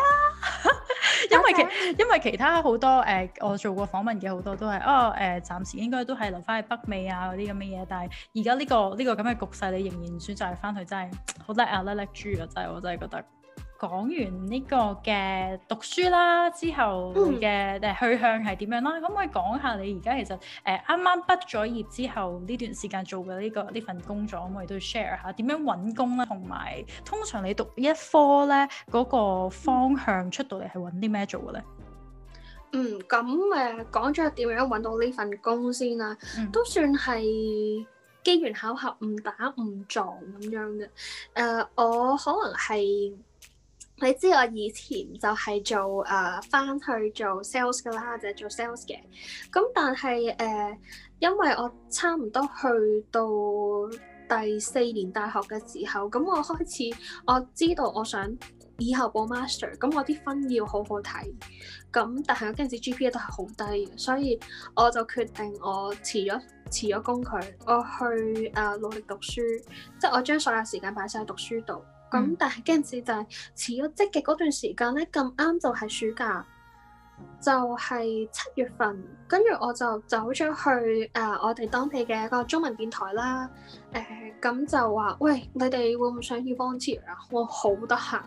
(laughs) 因為其看看因為其他好多誒、呃，我做過訪問嘅好多都係哦誒、呃，暫時應該都係留翻喺北美啊嗰啲咁嘅嘢，但係而家呢個呢、呢個咁嘅局勢，你仍然選擇翻去，真係好叻啊！叻叻豬啊，真係我真係覺得。講完呢個嘅讀書啦，之後嘅誒去向係點樣啦？嗯、可唔可以講下你而家其實誒啱啱畢咗業之後呢段時間做嘅呢、呢個呢份工作？可唔可以都 share 下點樣揾工啦？同埋通常你讀一科咧嗰、嗰個方向出到嚟係揾啲咩做嘅咧、嗯？嗯，咁誒講咗點樣揾到呢份工先啦、啊？嗯、都算係機緣巧合，誤打誤撞咁樣嘅。誒、呃，我可能係～你知我以前就係做誒翻、呃、去做 sales 㗎啦，就係做 sales 嘅。咁但係誒、呃，因為我差唔多去到第四年大學嘅時候，咁我開始我知道我想以後報 master，咁我啲分要好好睇。咁但係嗰陣時 GPA 都係好低，所以我就決定我辭咗辭咗工佢，我去誒、呃、努力讀書，即係我將所有時間擺晒喺讀書度。咁、嗯、但係嗰陣時就係，辭咗職嘅嗰段時間咧，咁啱就係暑假，就係、是、七月份，跟住我就走出去誒、呃，我哋當地嘅一個中文電台啦，誒、呃、咁、嗯、就話，喂，你哋會唔會想要 volunteer 啊？我好得閒，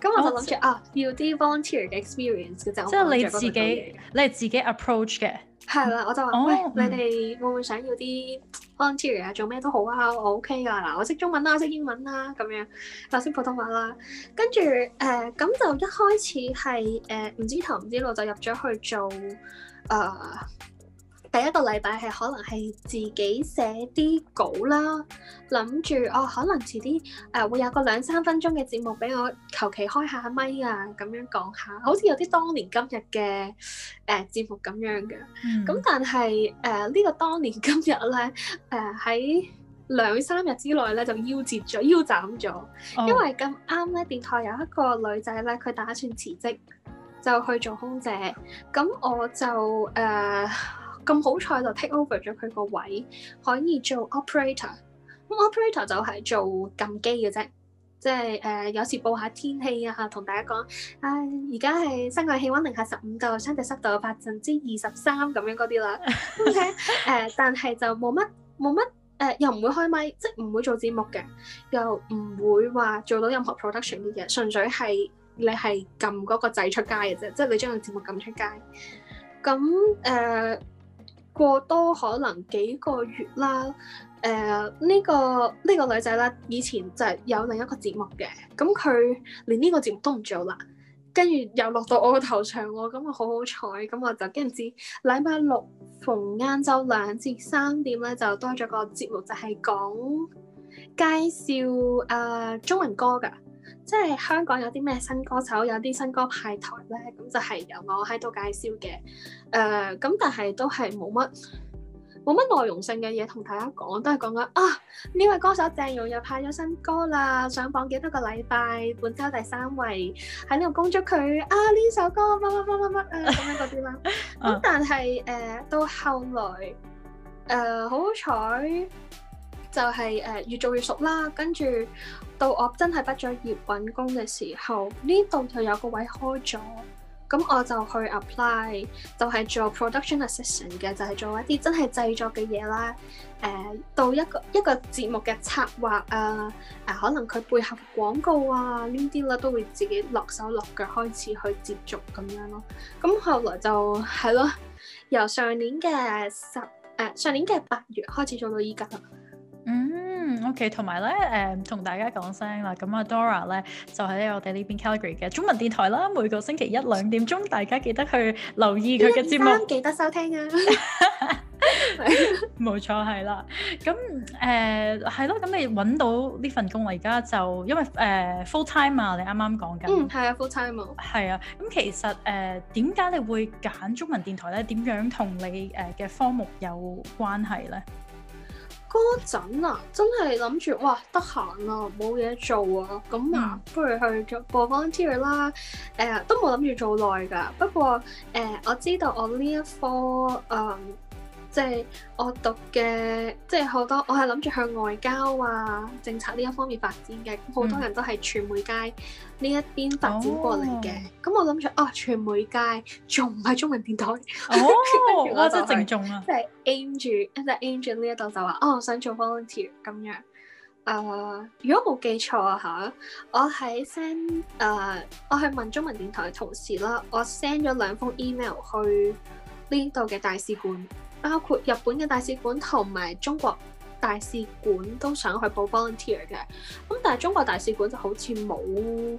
咁我就諗住啊，要啲 volunteer 嘅 experience 嘅就即係你自己，你係自己 approach 嘅。係啦，我就話、oh. 喂，你哋會唔會想要啲 volunteer 啊？做咩都好啊，我 OK 噶。嗱，我識中文啦、啊，我識英文啦、啊，咁樣又識普通話啦、啊。跟住誒，咁、呃、就一開始係誒唔知頭唔知路，就入咗去做誒。呃第一個禮拜係可能係自己寫啲稿啦，諗住我可能遲啲誒、呃、會有個兩三分鐘嘅節目俾我求其開下咪啊，咁樣講下，好似有啲當年今日嘅誒節目咁樣嘅。咁、嗯嗯、但係誒呢個當年今日咧誒喺兩三日之內咧就腰折咗，腰斬咗，哦、因為咁啱咧電台有一個女仔咧佢打算辭職就去做空姐，咁我就誒。呃咁好彩就 take over 咗佢個位，可以做 operator。咁 operator 就係做撳機嘅啫，即係誒有時報下天氣啊，嚇同大家講，唉而家係室外氣溫零下十五度，相對濕度百分之二十三咁樣嗰啲啦。誒，但係就冇乜冇乜誒，又唔會開咪，即係唔會做節目嘅，又唔會話做到任何 production 啲嘢，純粹係你係撳嗰個掣出街嘅啫，即係你將個節目撳出街。咁誒。過多可能幾個月啦，誒、呃、呢、這個呢、這個女仔咧，以前就係有另一個節目嘅，咁佢連呢個節目都唔做啦，跟住又落到我個頭上，我咁我好好彩，咁我就俾唔知禮拜六逢晏晝兩至三點咧，就多咗個節目，就講，就係講介紹誒、呃、中文歌㗎。即係香港有啲咩新歌手，有啲新歌派台咧，咁就係由我喺度介紹嘅。誒、呃，咁但係都係冇乜冇乜內容性嘅嘢同大家講，都係講緊啊呢位歌手鄭融又派咗新歌啦，上榜幾多個禮拜，本周第三位，喺呢度恭祝佢啊呢首歌乜乜乜乜乜啊咁樣嗰啲啦。咁 (laughs) 但係誒、呃、到後來誒好彩。呃就係誒越做越熟啦，跟住到我真係畢咗業揾工嘅時候，呢度就有個位開咗，咁我就去 apply，就係做 production assistant 嘅，就係、是、做一啲真係製作嘅嘢啦。誒、呃，到一個一個節目嘅策劃啊，誒、呃、可能佢背後嘅廣告啊呢啲啦，都會自己落手落腳開始去接觸咁樣咯。咁後來就係咯，由上年嘅十誒上年嘅八月開始做到依家。嗯，OK，同埋咧，誒，同大家講聲啦。咁啊，Dora 咧就喺我哋呢邊 Calgary 嘅中文電台啦。每個星期一兩點鐘，大家記得去留意佢嘅節目。記得收聽啊！冇錯，係啦。咁誒，係咯。咁你揾到呢份工啦，我而家就因為誒 full time 啊，你啱啱講緊。嗯，係啊，full time 啊。係啊。咁其實誒，點解你會揀中文電台咧？點樣同你誒嘅科目有關係咧？嗰陣啊，真係諗住哇，得閒啊，冇嘢做啊，咁啊，不如去做 volunteer 啦。誒、呃，都冇諗住做耐㗎。不過誒、呃，我知道我呢一科誒、呃即係我讀嘅，即係好多我係諗住向外交啊政策呢一方面發展嘅。好多人都係傳媒界呢一邊發展過嚟嘅。咁、哦嗯、我諗住啊，傳、哦、媒界仲唔係中文電台？哦、 (laughs) 我真係正中即係 aim 住，一直 aim 住呢一度就話啊、哦，我想做 volunteer 咁樣。誒、uh，如果冇記錯啊嚇，我喺 send 誒、uh，我去問中文電台嘅同時啦，我 send 咗兩封 email 去呢度嘅大使館。包括日本嘅大使館同埋中國大使館都想去報 volunteer 嘅，咁但係中國大使館就好似冇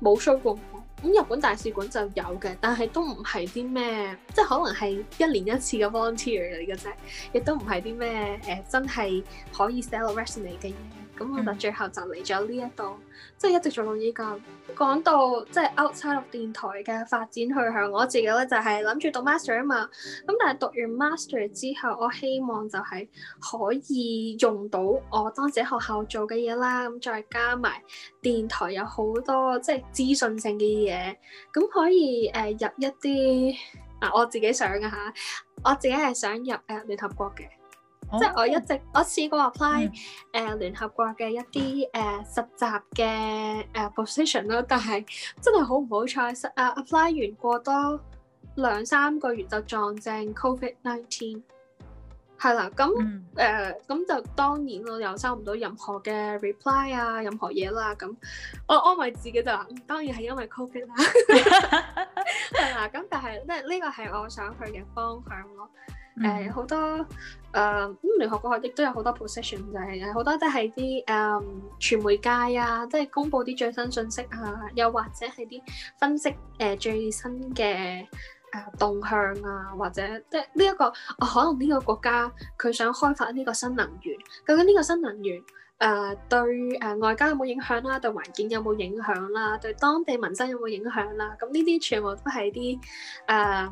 冇收過，咁日本大使館就有嘅，但係都唔係啲咩，即係可能係一年一次嘅 volunteer 嚟嘅啫，亦都唔係啲咩誒真係可以 celebrate 嚟嘅嘢。咁我就最後就嚟咗呢一度，即係一直做到依家。講到即係 outside 入電台嘅發展去向，我自己咧就係諗住讀 master 啊嘛。咁但係讀完 master 之後，我希望就係可以用到我當時學校做嘅嘢啦。咁再加埋電台有好多即係資訊性嘅嘢，咁可以誒、呃、入一啲啊我自己想啊嚇，我自己係想入誒、啊、聯合國嘅。即係我一直我試過 apply 誒聯合國嘅一啲誒實習嘅誒 position 咯，但係真係好唔好彩，啊 apply 完過多兩三個月就撞正 COVID-19，係啦，咁誒咁就當然我又收唔到任何嘅 reply 啊，任何嘢啦，咁我安慰自己就話：當然係因為 COVID 啦，係啦。咁但係即係呢個係我想去嘅方向咯。誒好多誒咁，你學過亦都有好多 position，就係好多都係啲誒傳媒界啊，即係公布啲最新信息啊，又或者係啲分析誒最新嘅誒動向啊，或者即係呢一個哦，可能呢個國家佢想開發呢個新能源，究竟呢個新能源誒對誒外交有冇影響啦，對環境有冇影響啦，對當地民生有冇影響啦？咁呢啲全部都係啲誒。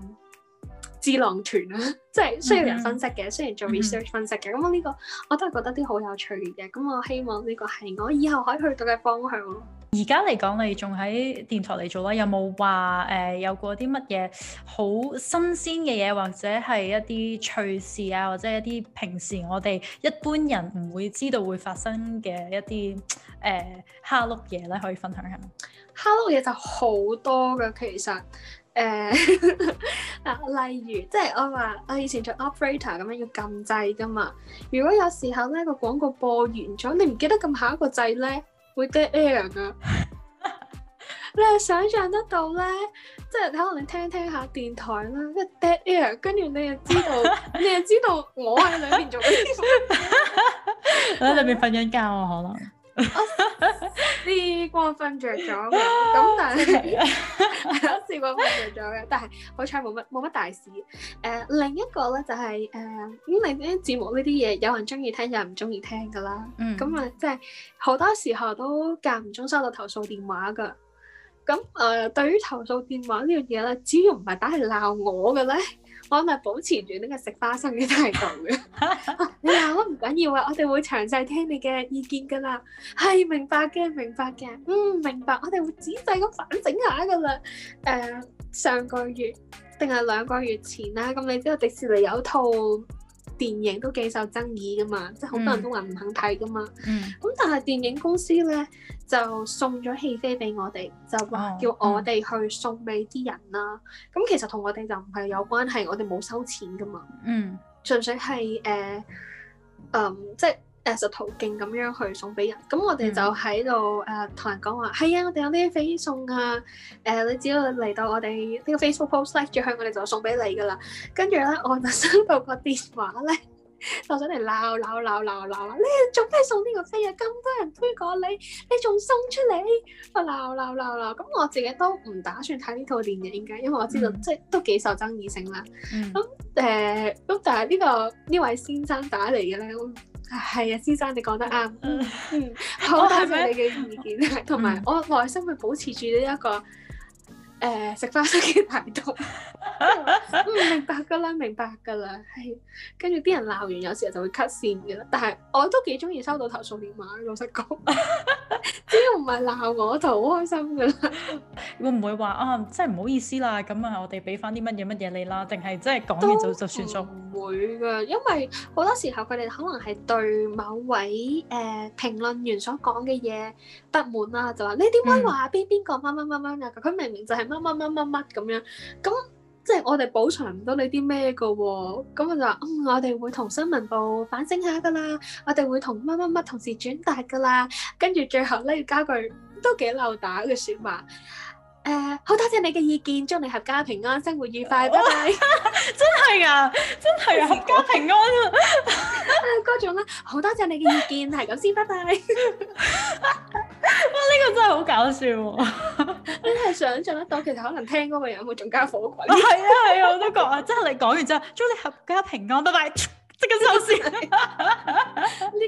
智囊團啊，即係需要人分析嘅，嗯、雖然做 research 分析嘅，咁、嗯、我呢、呢個我都係覺得啲好有趣嘅，咁我希望呢個係我以後可以去到嘅方向咯。而家嚟講，你仲喺電台嚟做啦，有冇話誒有過啲乜嘢好新鮮嘅嘢，或者係一啲趣事啊，或者一啲平時我哋一般人唔會知道會發生嘅一啲誒蝦碌嘢咧，可以分享下？蝦碌嘢就好多㗎，其實。誒啊！Uh, (laughs) 例如，即係我話，我以前做 operator 咁樣要撳掣噶嘛。如果有時候咧，個廣告播完咗，你唔記得咁下一個掣咧，會 dead air 噶。 (laughs) 你係想像得到咧？即係可能你聽聽下電台啦，一 dead air，跟住你又知道， (laughs) 你又知道我喺裏面做緊啲事。喺 (laughs) 裏 (laughs) 面瞓緊覺啊， (laughs) 可能。啲光 (laughs) 試過瞓着咗嘅，咁但係我試過瞓着咗嘅，但係好彩冇乜冇乜大事。誒、uh,，另一個咧就係、是、誒，咁呢啲節目呢啲嘢，有人中意聽，有人唔中意聽噶啦。咁啊、嗯，即係好多時候都間唔中收到投訴電話噶。咁誒，uh, 對於投訴電話呢樣嘢咧，只要唔係打嚟鬧我嘅咧？我咪保持住呢個食花生嘅態度嘅， (laughs) 你話我唔緊要啊，我哋會詳細聽你嘅意見㗎啦。係明白嘅，明白嘅，嗯，明白。我哋會仔細咁反省下㗎啦。誒、呃，上個月定係兩個月前啦。咁你知道迪士尼有套電影都幾受爭議噶嘛，即係好多人都話唔肯睇噶嘛。咁、嗯、但係電影公司咧就送咗戲飛俾我哋，就話叫我哋去送俾啲人啦。咁、嗯、其實同我哋就唔係有關係，我哋冇收錢噶嘛。嗯、純粹係誒誒，uh, um, 即係。誒，就途徑咁樣去送俾人咁，我哋就喺度誒，同人講話係啊，我哋有啲飛送啊。誒，你只要嚟到我哋呢個 Facebook post page，之後我哋就送俾你噶啦。跟住咧，我就收到個電話咧，就想嚟鬧鬧鬧鬧鬧，你做咩送呢個飛啊？咁多人推過你，你仲送出嚟？鬧鬧鬧鬧！咁我自己都唔打算睇呢套電影嘅，因為我知道即係都幾受爭議性啦。咁誒，咁但係呢個呢位先生打嚟嘅咧。係啊，先生你講得啱，嗯、好多 (laughs) 謝謝你嘅意見，同埋嗎我內心會保持住呢一個。誒食花生嘅大毒，唔明白噶啦，明白噶啦，係，跟住啲人鬧完有時候就會 cut 線嘅啦。但係我都幾中意收到投訴電話，老實講，只要唔係鬧我就好開心噶啦。會唔會話啊？真係唔好意思啦，咁啊，我哋俾翻啲乜嘢乜嘢你啦？定係真係講完就就算數？唔會㗎，因為好多時候佢哋可能係對某位誒評論員所講嘅嘢不滿啦，就話你點解話邊邊個乜乜乜乜啊？佢明明就係。乜乜乜乜乜咁樣，咁即係我哋補償唔到你啲咩噶，咁我就話，嗯，我哋會同新聞部反省下噶啦，我哋會同乜乜乜同時轉達噶啦，跟住最後咧要加句都幾漏打嘅說話。誒，好多謝你嘅意見，祝你合家平安，生活愉快，拜拜。真係啊，真係啊，合家平安啊！過咗啦，好多謝你嘅意見，係咁先，拜拜。哇，呢個真係好搞笑喎！你係想像得到，其實可能聽嗰個人會更加火滾。係啊係啊，我都覺啊，即係你講完之後，祝你合家平安，拜拜。呢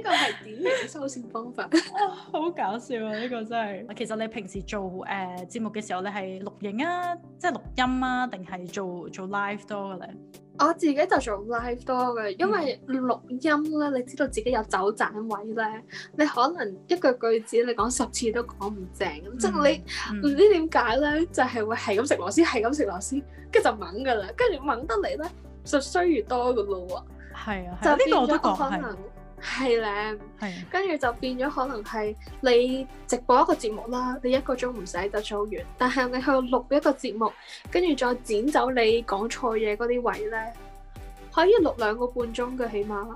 個係典型嘅收線方法。 (laughs) 好搞笑啊！呢、這個真係。其實你平時做誒節、呃、目嘅時候，你係錄影啊，即係錄音啊，定係做做 live d o 多嘅咧？我自己就做 live d o 多嘅，嗯、因為錄音咧，你知道自己有走盞位咧，你可能一句句子你講十次都講唔正咁，即係、嗯、你唔、嗯、知點解咧，就係、是、會係咁食螺絲，係咁食螺絲，跟住就猛噶啦，跟住猛得嚟咧就衰越多噶啦喎。係啊，啊就變咗可能係咧，跟住就變咗可能係你直播一個節目啦，你一個鐘唔使就做完，但係你去錄一個節目，跟住再剪走你講錯嘢嗰啲位咧，可以錄兩個半鐘嘅起碼。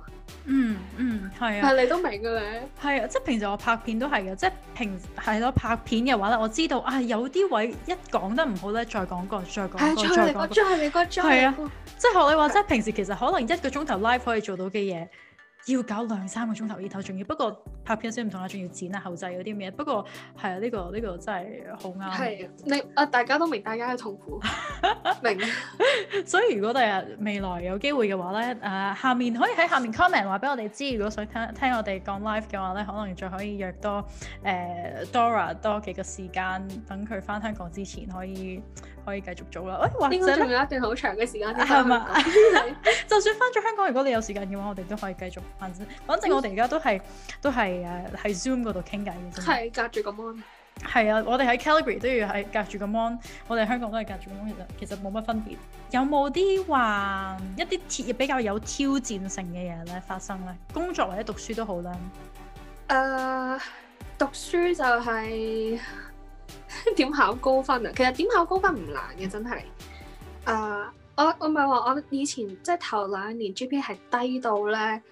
嗯嗯，係、嗯、啊，係你都明嘅咧。係啊，即係平時我拍片都係嘅，即係平係咯、啊、拍片嘅話咧，我知道啊有啲位一講得唔好咧，再講過，再講過、啊，再講過，再講過，係啊，即係學你話，即係平時其實可能一個鐘頭 live 可以做到嘅嘢。要搞兩三個鐘頭以頭，仲要不過拍片先唔同啦，仲要剪啊後製嗰啲咩。不過係啊，呢個呢個真係好啱。係你啊，大家都明大家嘅痛苦 (laughs) 明白。 (laughs) 所以如果第日未來有機會嘅話咧，誒、啊、下面可以喺下面 comment 話俾我哋知。如果想聽聽我哋講 live 嘅話咧，可能再可以約多誒、呃、Dora 多幾個時間，等佢翻香港之前可以。.可以繼續做啦！誒、哎，或者仲有一段好長嘅時間喺香港。就算翻咗香港，如果你有時間嘅話，我哋都可以繼續。反正我哋而家都係都係誒喺 Zoom 嗰度傾偈嘅啫。係隔住個 mon。係啊，我哋喺 Calgary 都要係隔住個 mon，的我哋香港都係隔住個 mon，其實其實冇乜分別。有冇啲話一啲挑比較有挑戰性嘅嘢咧發生咧？工作或者讀書都好啦。誒，uh, 讀書就係、是。點 (laughs) 考高分啊？其實點考高分唔難嘅，真係。誒，我我咪話我以前即係頭兩年 GPA 係低到咧，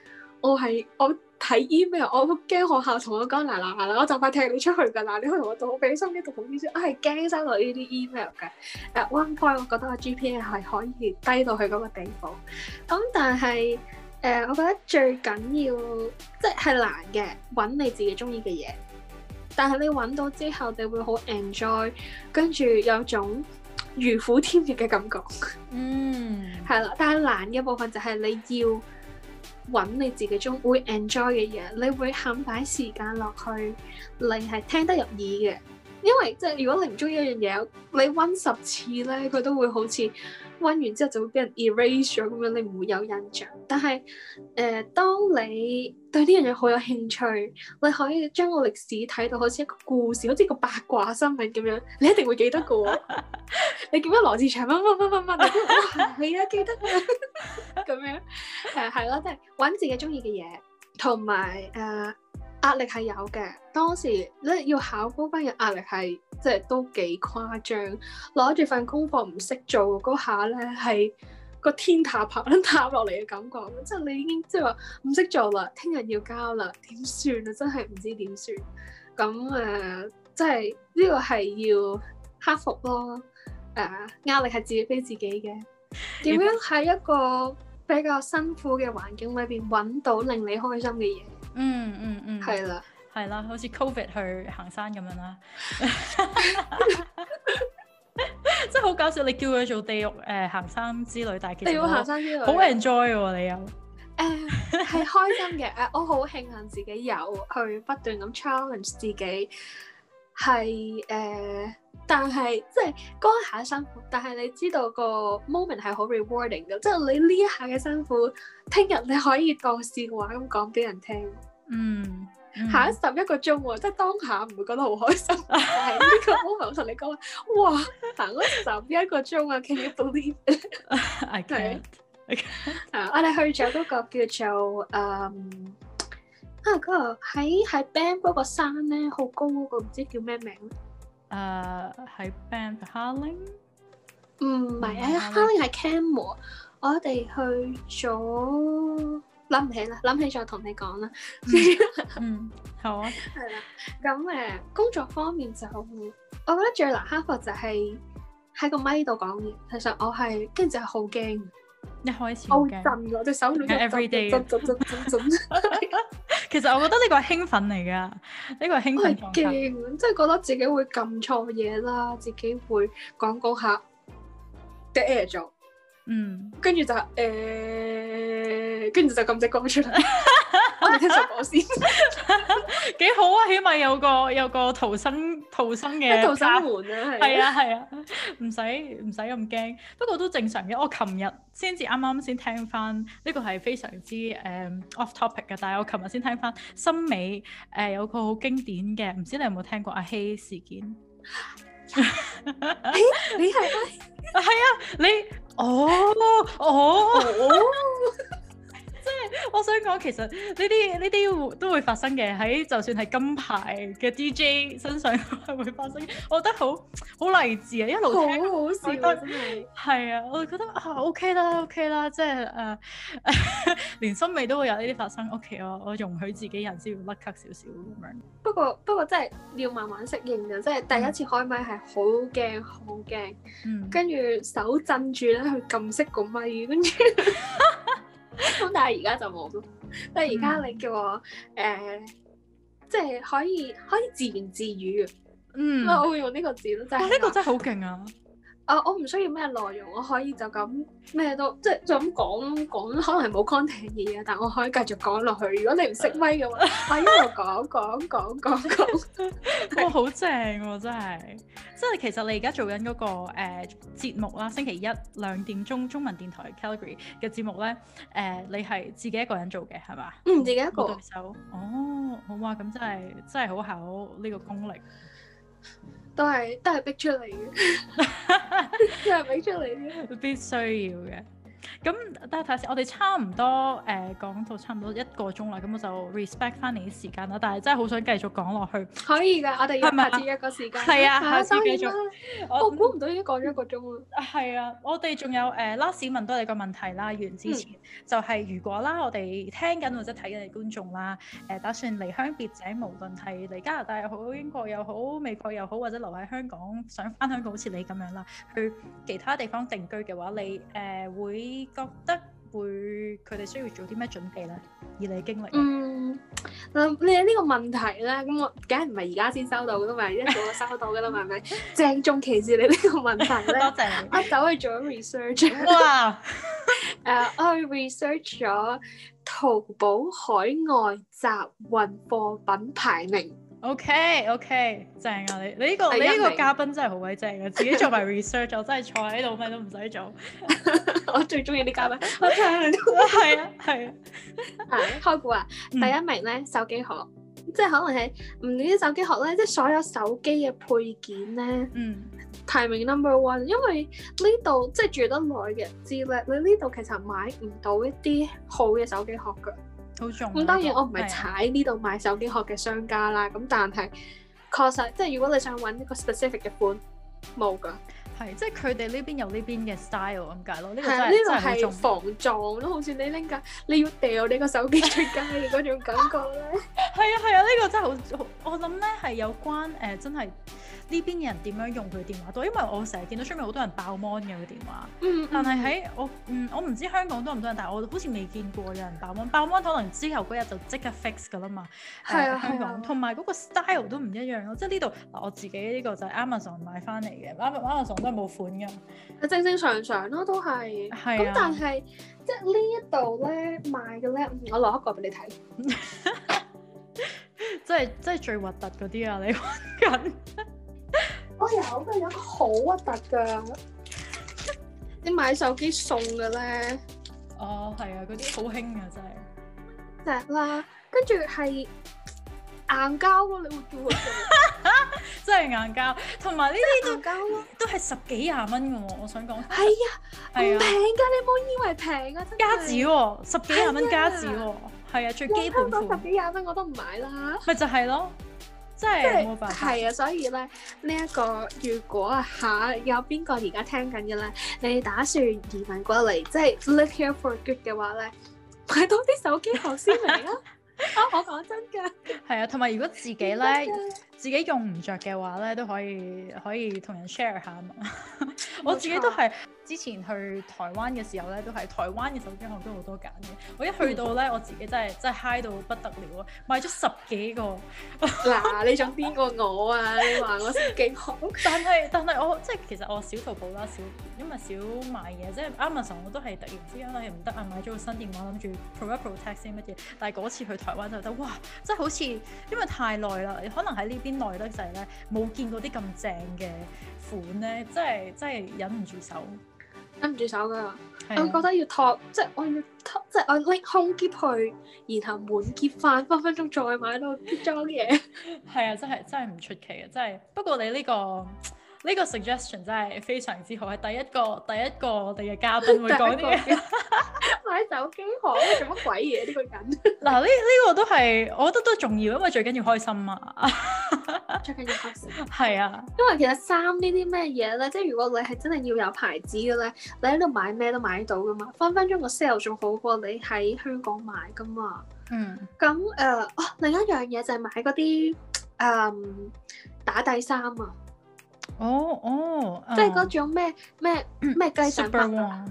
我係我睇 email，我驚學校同我講嗱嗱嗱啦，我就快踢你出去噶啦！你去同我讀、嗯，我俾心機讀好啲先。我係驚收到呢啲 email 嘅。誒，one point，我覺得我 GPA 係可以低到去嗰個地步。咁、嗯、但係誒，uh, 我覺得最緊要即係、就係、難嘅，揾你自己中意嘅嘢。但係你揾到之後，就會好 enjoy，跟住有種如虎添翼嘅感覺。 (laughs) 嗯，係啦。但係難嘅部分就係你要揾你自己中會 enjoy 嘅嘢，你會肯擺時間落去令係聽得入耳嘅。因為即係、就係、如果你唔中意一樣嘢，你溫十次呢，佢都會好似。揾完之後就會俾人 erase 咗咁樣，你唔會有印象。但係誒、呃，當你對呢樣嘢好有興趣，你可以將個歷史睇到好似一個故事，好似個八卦新聞咁樣，你一定會記得噶、哦、 (laughs) 你記得羅志祥乜乜乜乜乜？係啊，啊，記得咁樣誒，係、呃、咯，即係揾自己中意嘅嘢，同埋誒。呃壓力係有嘅，當時咧要考高班嘅壓力係即係都幾誇張。攞住份功課唔識做嗰下咧，係個天塌崩塌落嚟嘅感覺，即係你已經即係話唔識做啦，聽日要交啦，點算啊？真係唔知點算。咁誒、呃，即係呢個係要克服咯。誒、呃，壓力係自，自己畀自己嘅。點樣喺一個比較辛苦嘅環境裏邊，搵到令你開心嘅嘢？嗯嗯嗯，係、嗯嗯、啦，係啦，好似 covid 去行山咁樣啦，即係好搞笑！你叫佢做地獄誒、呃、行山之旅，但係其實行山之旅好 enjoy 喎，你又誒係開心嘅 (laughs) 我好慶幸自己有去不斷咁 challenge 自己。係誒，但係即係當下辛苦，但係你知道個 moment 係好 rewarding 噶，即係你呢一下嘅辛苦，聽日你可以當笑話咁講俾人聽。嗯，行十一個鐘，即係當下唔會覺得好開心。但係呢個 moment 我同你講話，哇，行咗十一個鐘啊，can you believe it？係，係，我哋去咗嗰個叫做。啊嗰度喺喺 Banff 嗰個山咧，好高嗰個唔知叫咩名咧？誒喺 Banff，Ha Ling？唔係啊，Ha Ling 係 Canmore。我哋去咗，諗唔起啦，諗起再同你講啦。嗯，好啊，係啦。咁誒工作方面就，我覺得最難克服就係喺個咪度講嘢。其實我係跟住就係好驚。一開始嘅，我會震噶，隻手會震震震震震。其實我覺得呢個係興奮嚟噶，呢個係興奮。我係驚，即係覺得自己會撳錯嘢啦，自己會講告下 the air 咗，嗯，跟住就誒，跟住就咁直講出嚟。我先， (laughs) 幾好啊！起碼有個有個逃生逃生嘅生門啊，係啊係啊，唔使唔使咁驚。不過都正常嘅。我琴日先至啱啱先聽翻呢、這個係非常之誒、um, off topic 嘅，但係我琴日先聽翻森美誒、呃、有個好經典嘅，唔知你有冇聽過阿希事件？你你係係啊，你哦哦。Oh, oh. Oh. 我想講，其實呢啲呢啲都會發生嘅，喺就算係金牌嘅 DJ 身上係會發生，我覺得好好勵志嘅，一路好聽，係裡啊，我覺得啊 OK 啦 OK 啦，即係誒，uh, (laughs) 連心味都會有呢啲發生，OK 我容許自己人先會甩咳少少咁樣。不過不過真係要慢慢適應嘅，嗯、即係第一次開咪係好驚好驚，跟住、嗯、手震住咧去撳熄個咪，跟住。咁 (laughs) 但係而家就冇咯，但係而家你叫我誒，即係、嗯呃就是、可以可以自言自語。嗯，我會用呢個字咯，就係哇呢個真係好勁啊！啊！我唔需要咩內容，我可以就咁咩都，即係就咁講講，可能係冇 content 嘅嘢，但我可以繼續講落去。如果你唔識咪嘅話，啊一路講講講講講，哇好正喎！真係，即係其實你而家做緊嗰個誒節目啦，星期一兩點鐘中文電台 Calgary 嘅節目咧，誒你係自己一個人做嘅係嘛？嗯，自己一個。對手。哦，好哇！咁真係真係好考呢個功力。都係都係逼出嚟嘅，都係逼出嚟嘅，必須要嘅。咁但係頭先，我哋差唔多誒、呃、講到差唔多一個鐘啦，咁我就 respect 翻你啲時間啦。但係真係好想繼續講落去，可以㗎，吧我哋下次一個時間，係啊，啊下次繼續。我估唔到已經講咗一個鐘啊！係啊，我哋仲有誒 last、呃、問多你個問題啦，完之前、嗯、就係如果啦，我哋聽緊或者睇緊你觀眾啦，誒、呃、打算離鄉別井，無論係嚟加拿大又好、英國又好、美國又好，或者留喺香港，想翻香港好似你咁樣啦，去其他地方定居嘅話，你誒、呃、會？你覺得會佢哋需要做啲咩準備咧？以你嘅經歷，嗯，你呢個問題咧，咁我梗係唔係而家先收到噶啦嘛，一早收到噶啦，係咪？鄭重其事你呢個問題咧，多謝我走去做咗 research，哇，誒，我去 research 咗淘寶海外集運貨品排名。O K O K，正啊！你、這個、你呢個你呢個嘉賓真係好鬼正啊。自己做埋 research，就 (laughs) 真係坐喺度咩都唔使做。 (laughs) (laughs) (laughs) 我最中意啲嘉賓，我睇下你啲係啊係啊。開估古啊巴！第一名咧手機殼,、嗯、殼，即係可能係唔理啲手機殼咧，即係所有手機嘅配件咧，嗯，提名 number one，因為呢度即係住得耐嘅，知啦，你呢度其實買唔到一啲好嘅手機殼嘅。咁當然我唔係踩呢度賣手機殼嘅商家啦，咁、嗯、但係確實，即係如果你想搵一個 specific 嘅款，冇㗎，係即係佢哋呢邊有呢邊嘅 style 咁解咯。呢、這個真係、啊、真係好防撞咯，好似你拎架你要掉你個手機出街嘅嗰種感覺咧。係啊係啊，呢、啊這個真係好，我諗咧係有關誒、呃，真係。呢邊嘅人點樣用佢電話多？因為我成日見到出面好多人爆 mon 嘅個電話，嗯嗯、但係喺我嗯我唔知香港多唔多人，但係我好似未見過有人爆 mon。爆 mon 可能之後嗰日就即刻 fix 噶啦嘛。係啊、呃，香港同埋嗰個 style 都唔一樣咯。即係呢度嗱，我自己呢個就係 Amazon 買翻嚟嘅，Am Amazon 都係冇款嘅。正正常常咯、啊，都係。咁、啊、但係即係呢一度咧賣嘅咧，我攞一個俾你睇。即係即係最核突嗰啲啊！你玩緊。 (laughs) 我、哦、有，嗰人好核突噶。 (laughs) 你買手機送嘅咧，哦係啊，嗰啲好興啊真係。石啦，跟住係硬膠咯，你會叫我做啊？ (laughs) 真係硬膠，同埋呢啲都 (laughs) 都係十幾廿蚊嘅。我想講係啊，唔平噶，你唔好以為平啊。真加紙喎、哦，十幾廿蚊加紙喎、哦，係啊的，最基本。我聽到十幾廿蚊我都唔買啦。咪 (laughs) 就係咯。即係係啊，所以咧呢一個，如果嚇有邊個而家聽緊嘅咧，你打算移民過嚟即係 live here for good 嘅話咧，買多啲手機殼先嚟啊！啊、 (laughs) 哦，我講真㗎。係啊，同埋如果自己咧。 (laughs) 自己用唔着嘅話咧，都可以可以同人 share 下嘛！錯 (laughs) 我自己都係之前去台灣嘅時候咧，都係台灣嘅手機殼都好多揀嘅。我一去到咧，嗯、我自己真係真係嗨到不得了啊！買咗十幾個嗱，你仲邊個我啊？你話、啊、 (laughs) 我十幾殼？ (laughs) (laughs) 但係但係我即係其實我小淘寶啦，少因為少買嘢，即係 Amazon 我都係突然之間咧唔得啊，買咗個新電話諗住 protection 乜嘢，但係嗰次去台灣就覺得哇！真係好似因為太耐啦，可能喺呢。啲耐得滯咧，冇見過啲咁正嘅款咧，真係真係忍唔住手，忍唔住手㗎！的我覺得要托，即係我要拖，即係我拎空喼去，然後滿喼返，分分鐘再買到啲裝嘢。係啊，真係真係唔出奇啊。真係。不過你呢個～呢個 suggestion 真係非常之好，係第一個第一個我哋嘅嘉賓會講啲嘢。 (laughs) 買手機殼做乜鬼嘢、啊、呢、呢個緊？嗱， (laughs) 呢、這、呢個都係我覺得都重要，因為最緊要開心嘛 (laughs) 要 (laughs) 啊。最緊要開心。係啊，因為其實衫呢啲咩嘢咧，即係如果你係真係要有牌子嘅咧，你喺度買咩都買到噶嘛，分分鐘個 sale 仲好過你喺香港買噶嘛。嗯。咁誒、呃，哦，另一樣嘢就係買嗰啲誒打底衫啊。哦哦，oh, oh, uh, 即係嗰種咩咩咩雞仔嘜、啊，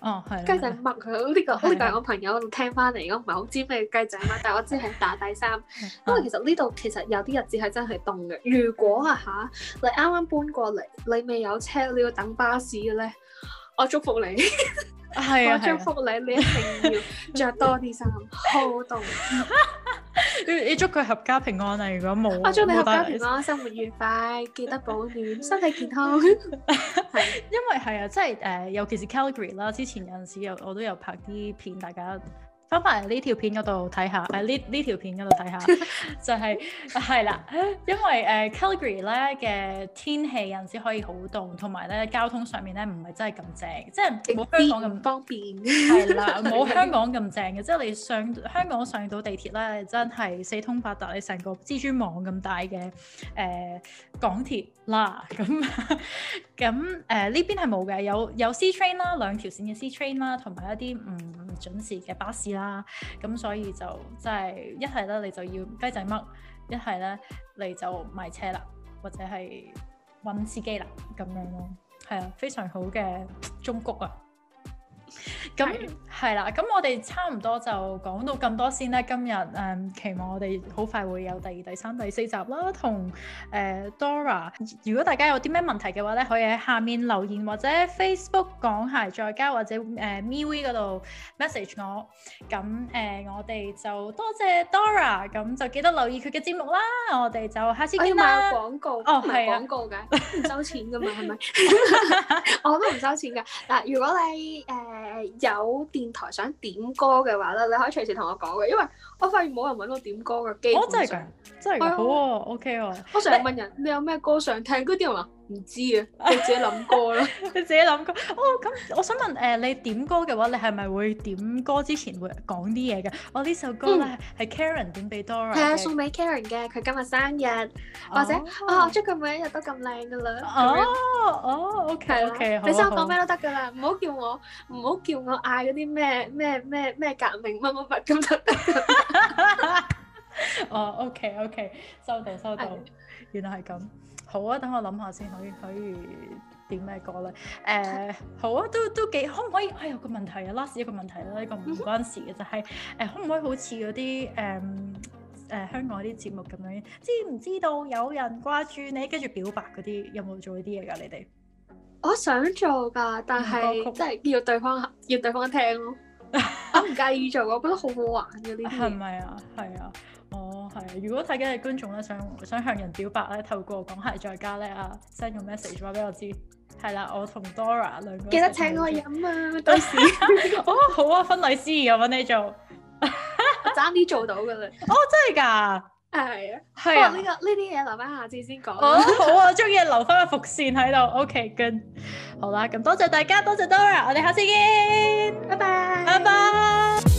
哦係 (coughs) 雞仔嘜佢、啊、呢、呢個，呢個係我朋友度聽翻嚟，我唔係好知咩雞仔嘛， (coughs) 但係我知係打底衫。 (coughs) 因為其實呢度其實有啲日子係真係凍嘅。如果啊嚇，你啱啱搬過嚟，你未有車，你要等巴士嘅咧，我祝福你。 (laughs) 係啊，祝福你一定要着多啲衫，好凍。跟住你祝佢合家平安啊！如果冇，祝你合家平安，生活愉快，記得保暖，身體健康。係 (laughs) (laughs) 因為係啊，即係誒，尤其是 Calgary 啦，之前有陣時有我都有拍啲片，大家。返嚟呢條片嗰度睇下，誒呢呢條片嗰度睇下， (laughs) (laughs) 就係係啦，因為誒、uh, Calgary 咧嘅天氣有時可以好凍，同埋咧交通上面咧唔係真係咁正，即係冇香港咁方便，係啦， (laughs) 冇香港咁正嘅，即係 (laughs) 你上香港上到地鐵咧，真係四通八達，你成個蜘蛛網咁大嘅誒、呃、港鐵啦，咁。 (laughs) 咁誒呢邊係冇嘅，有有 C train 啦，兩條線嘅 C train 啦，同埋一啲唔準時嘅巴士啦，咁所以就即係一係咧你就要雞仔嘜，一係咧你就買車啦，或者係揾司機啦咁樣咯，係啊，非常好嘅中國啊！咁係啦，咁那 rac ian. 我哋差唔多就講到咁多先啦。今日誒、嗯，期望我哋好快會有第二、第三、第四集啦。同誒 Dora，如果大家有啲咩問題嘅話咧，可以喺下面留言或者 Facebook 港孩在加或者誒 MeWe 嗰度 message 我。咁誒、呃，我哋就多謝 Dora，咁就記得留意佢嘅節目啦。我哋就下次見啦。廣告哦，係、哦、啊，廣告嘅，唔收錢噶嘛，係咪？ (laughs) (laughs) 我都唔收錢噶。嗱，如果你誒，uh 有電台想點歌嘅話咧，你可以隨時同我講嘅，因為我發現冇人揾我點歌嘅機會。我真係㗎，真係，哎，呀好喎，哦，OK 喎，哦。我成日問人，你，你有咩歌想聽嗰啲係嘛？唔知啊，你自己諗過咯，你自己諗過。哦，咁我想問，誒，你點歌嘅話，你係咪會點歌之前會講啲嘢嘅？我呢首歌咧係 Karen 點俾 Dora，係啊，送俾 Karen 嘅，佢今日生日，或者哦，祝佢每一日都咁靚噶啦。哦，哦，OK，OK，你想講咩都得噶啦，唔好叫我，唔好叫我嗌嗰啲咩咩咩咩革命乜乜乜咁就得。哦，OK，OK，收到收到，原來係咁。好啊，等我諗下先，可以可以點咩歌咧？誒、uh，好啊，都都幾，可唔可以？哎呀，有個問題啊，last 一個問題啦、啊，呢個唔關事嘅，嗯、哼就係、係、誒，可唔可以好似嗰啲誒誒香港啲節目咁樣，知唔知道有人掛住你，跟住表白嗰啲，有冇做呢啲嘢㗎？你哋我想做㗎，但係、嗯、即係要對方要對方聽咯， (laughs) 我唔介意做，我覺得好好玩嗰啲係咪啊？係啊。哦，係啊，如果睇緊嘅觀眾咧，想想向人表白咧，透過講下再加咧啊，send 個 message 話俾我知，係啦，我同 Dora 兩個記得請我飲啊，到時哦，好啊，婚禮司儀我搵你做，爭啲做到噶啦，哦，真係噶，係啊，係啊，呢個呢啲嘢留翻下次先講，好啊，中意留翻個伏線喺度，OK，good，好啦，咁多謝大家，多謝 Dora，我哋下次見，拜拜，拜拜。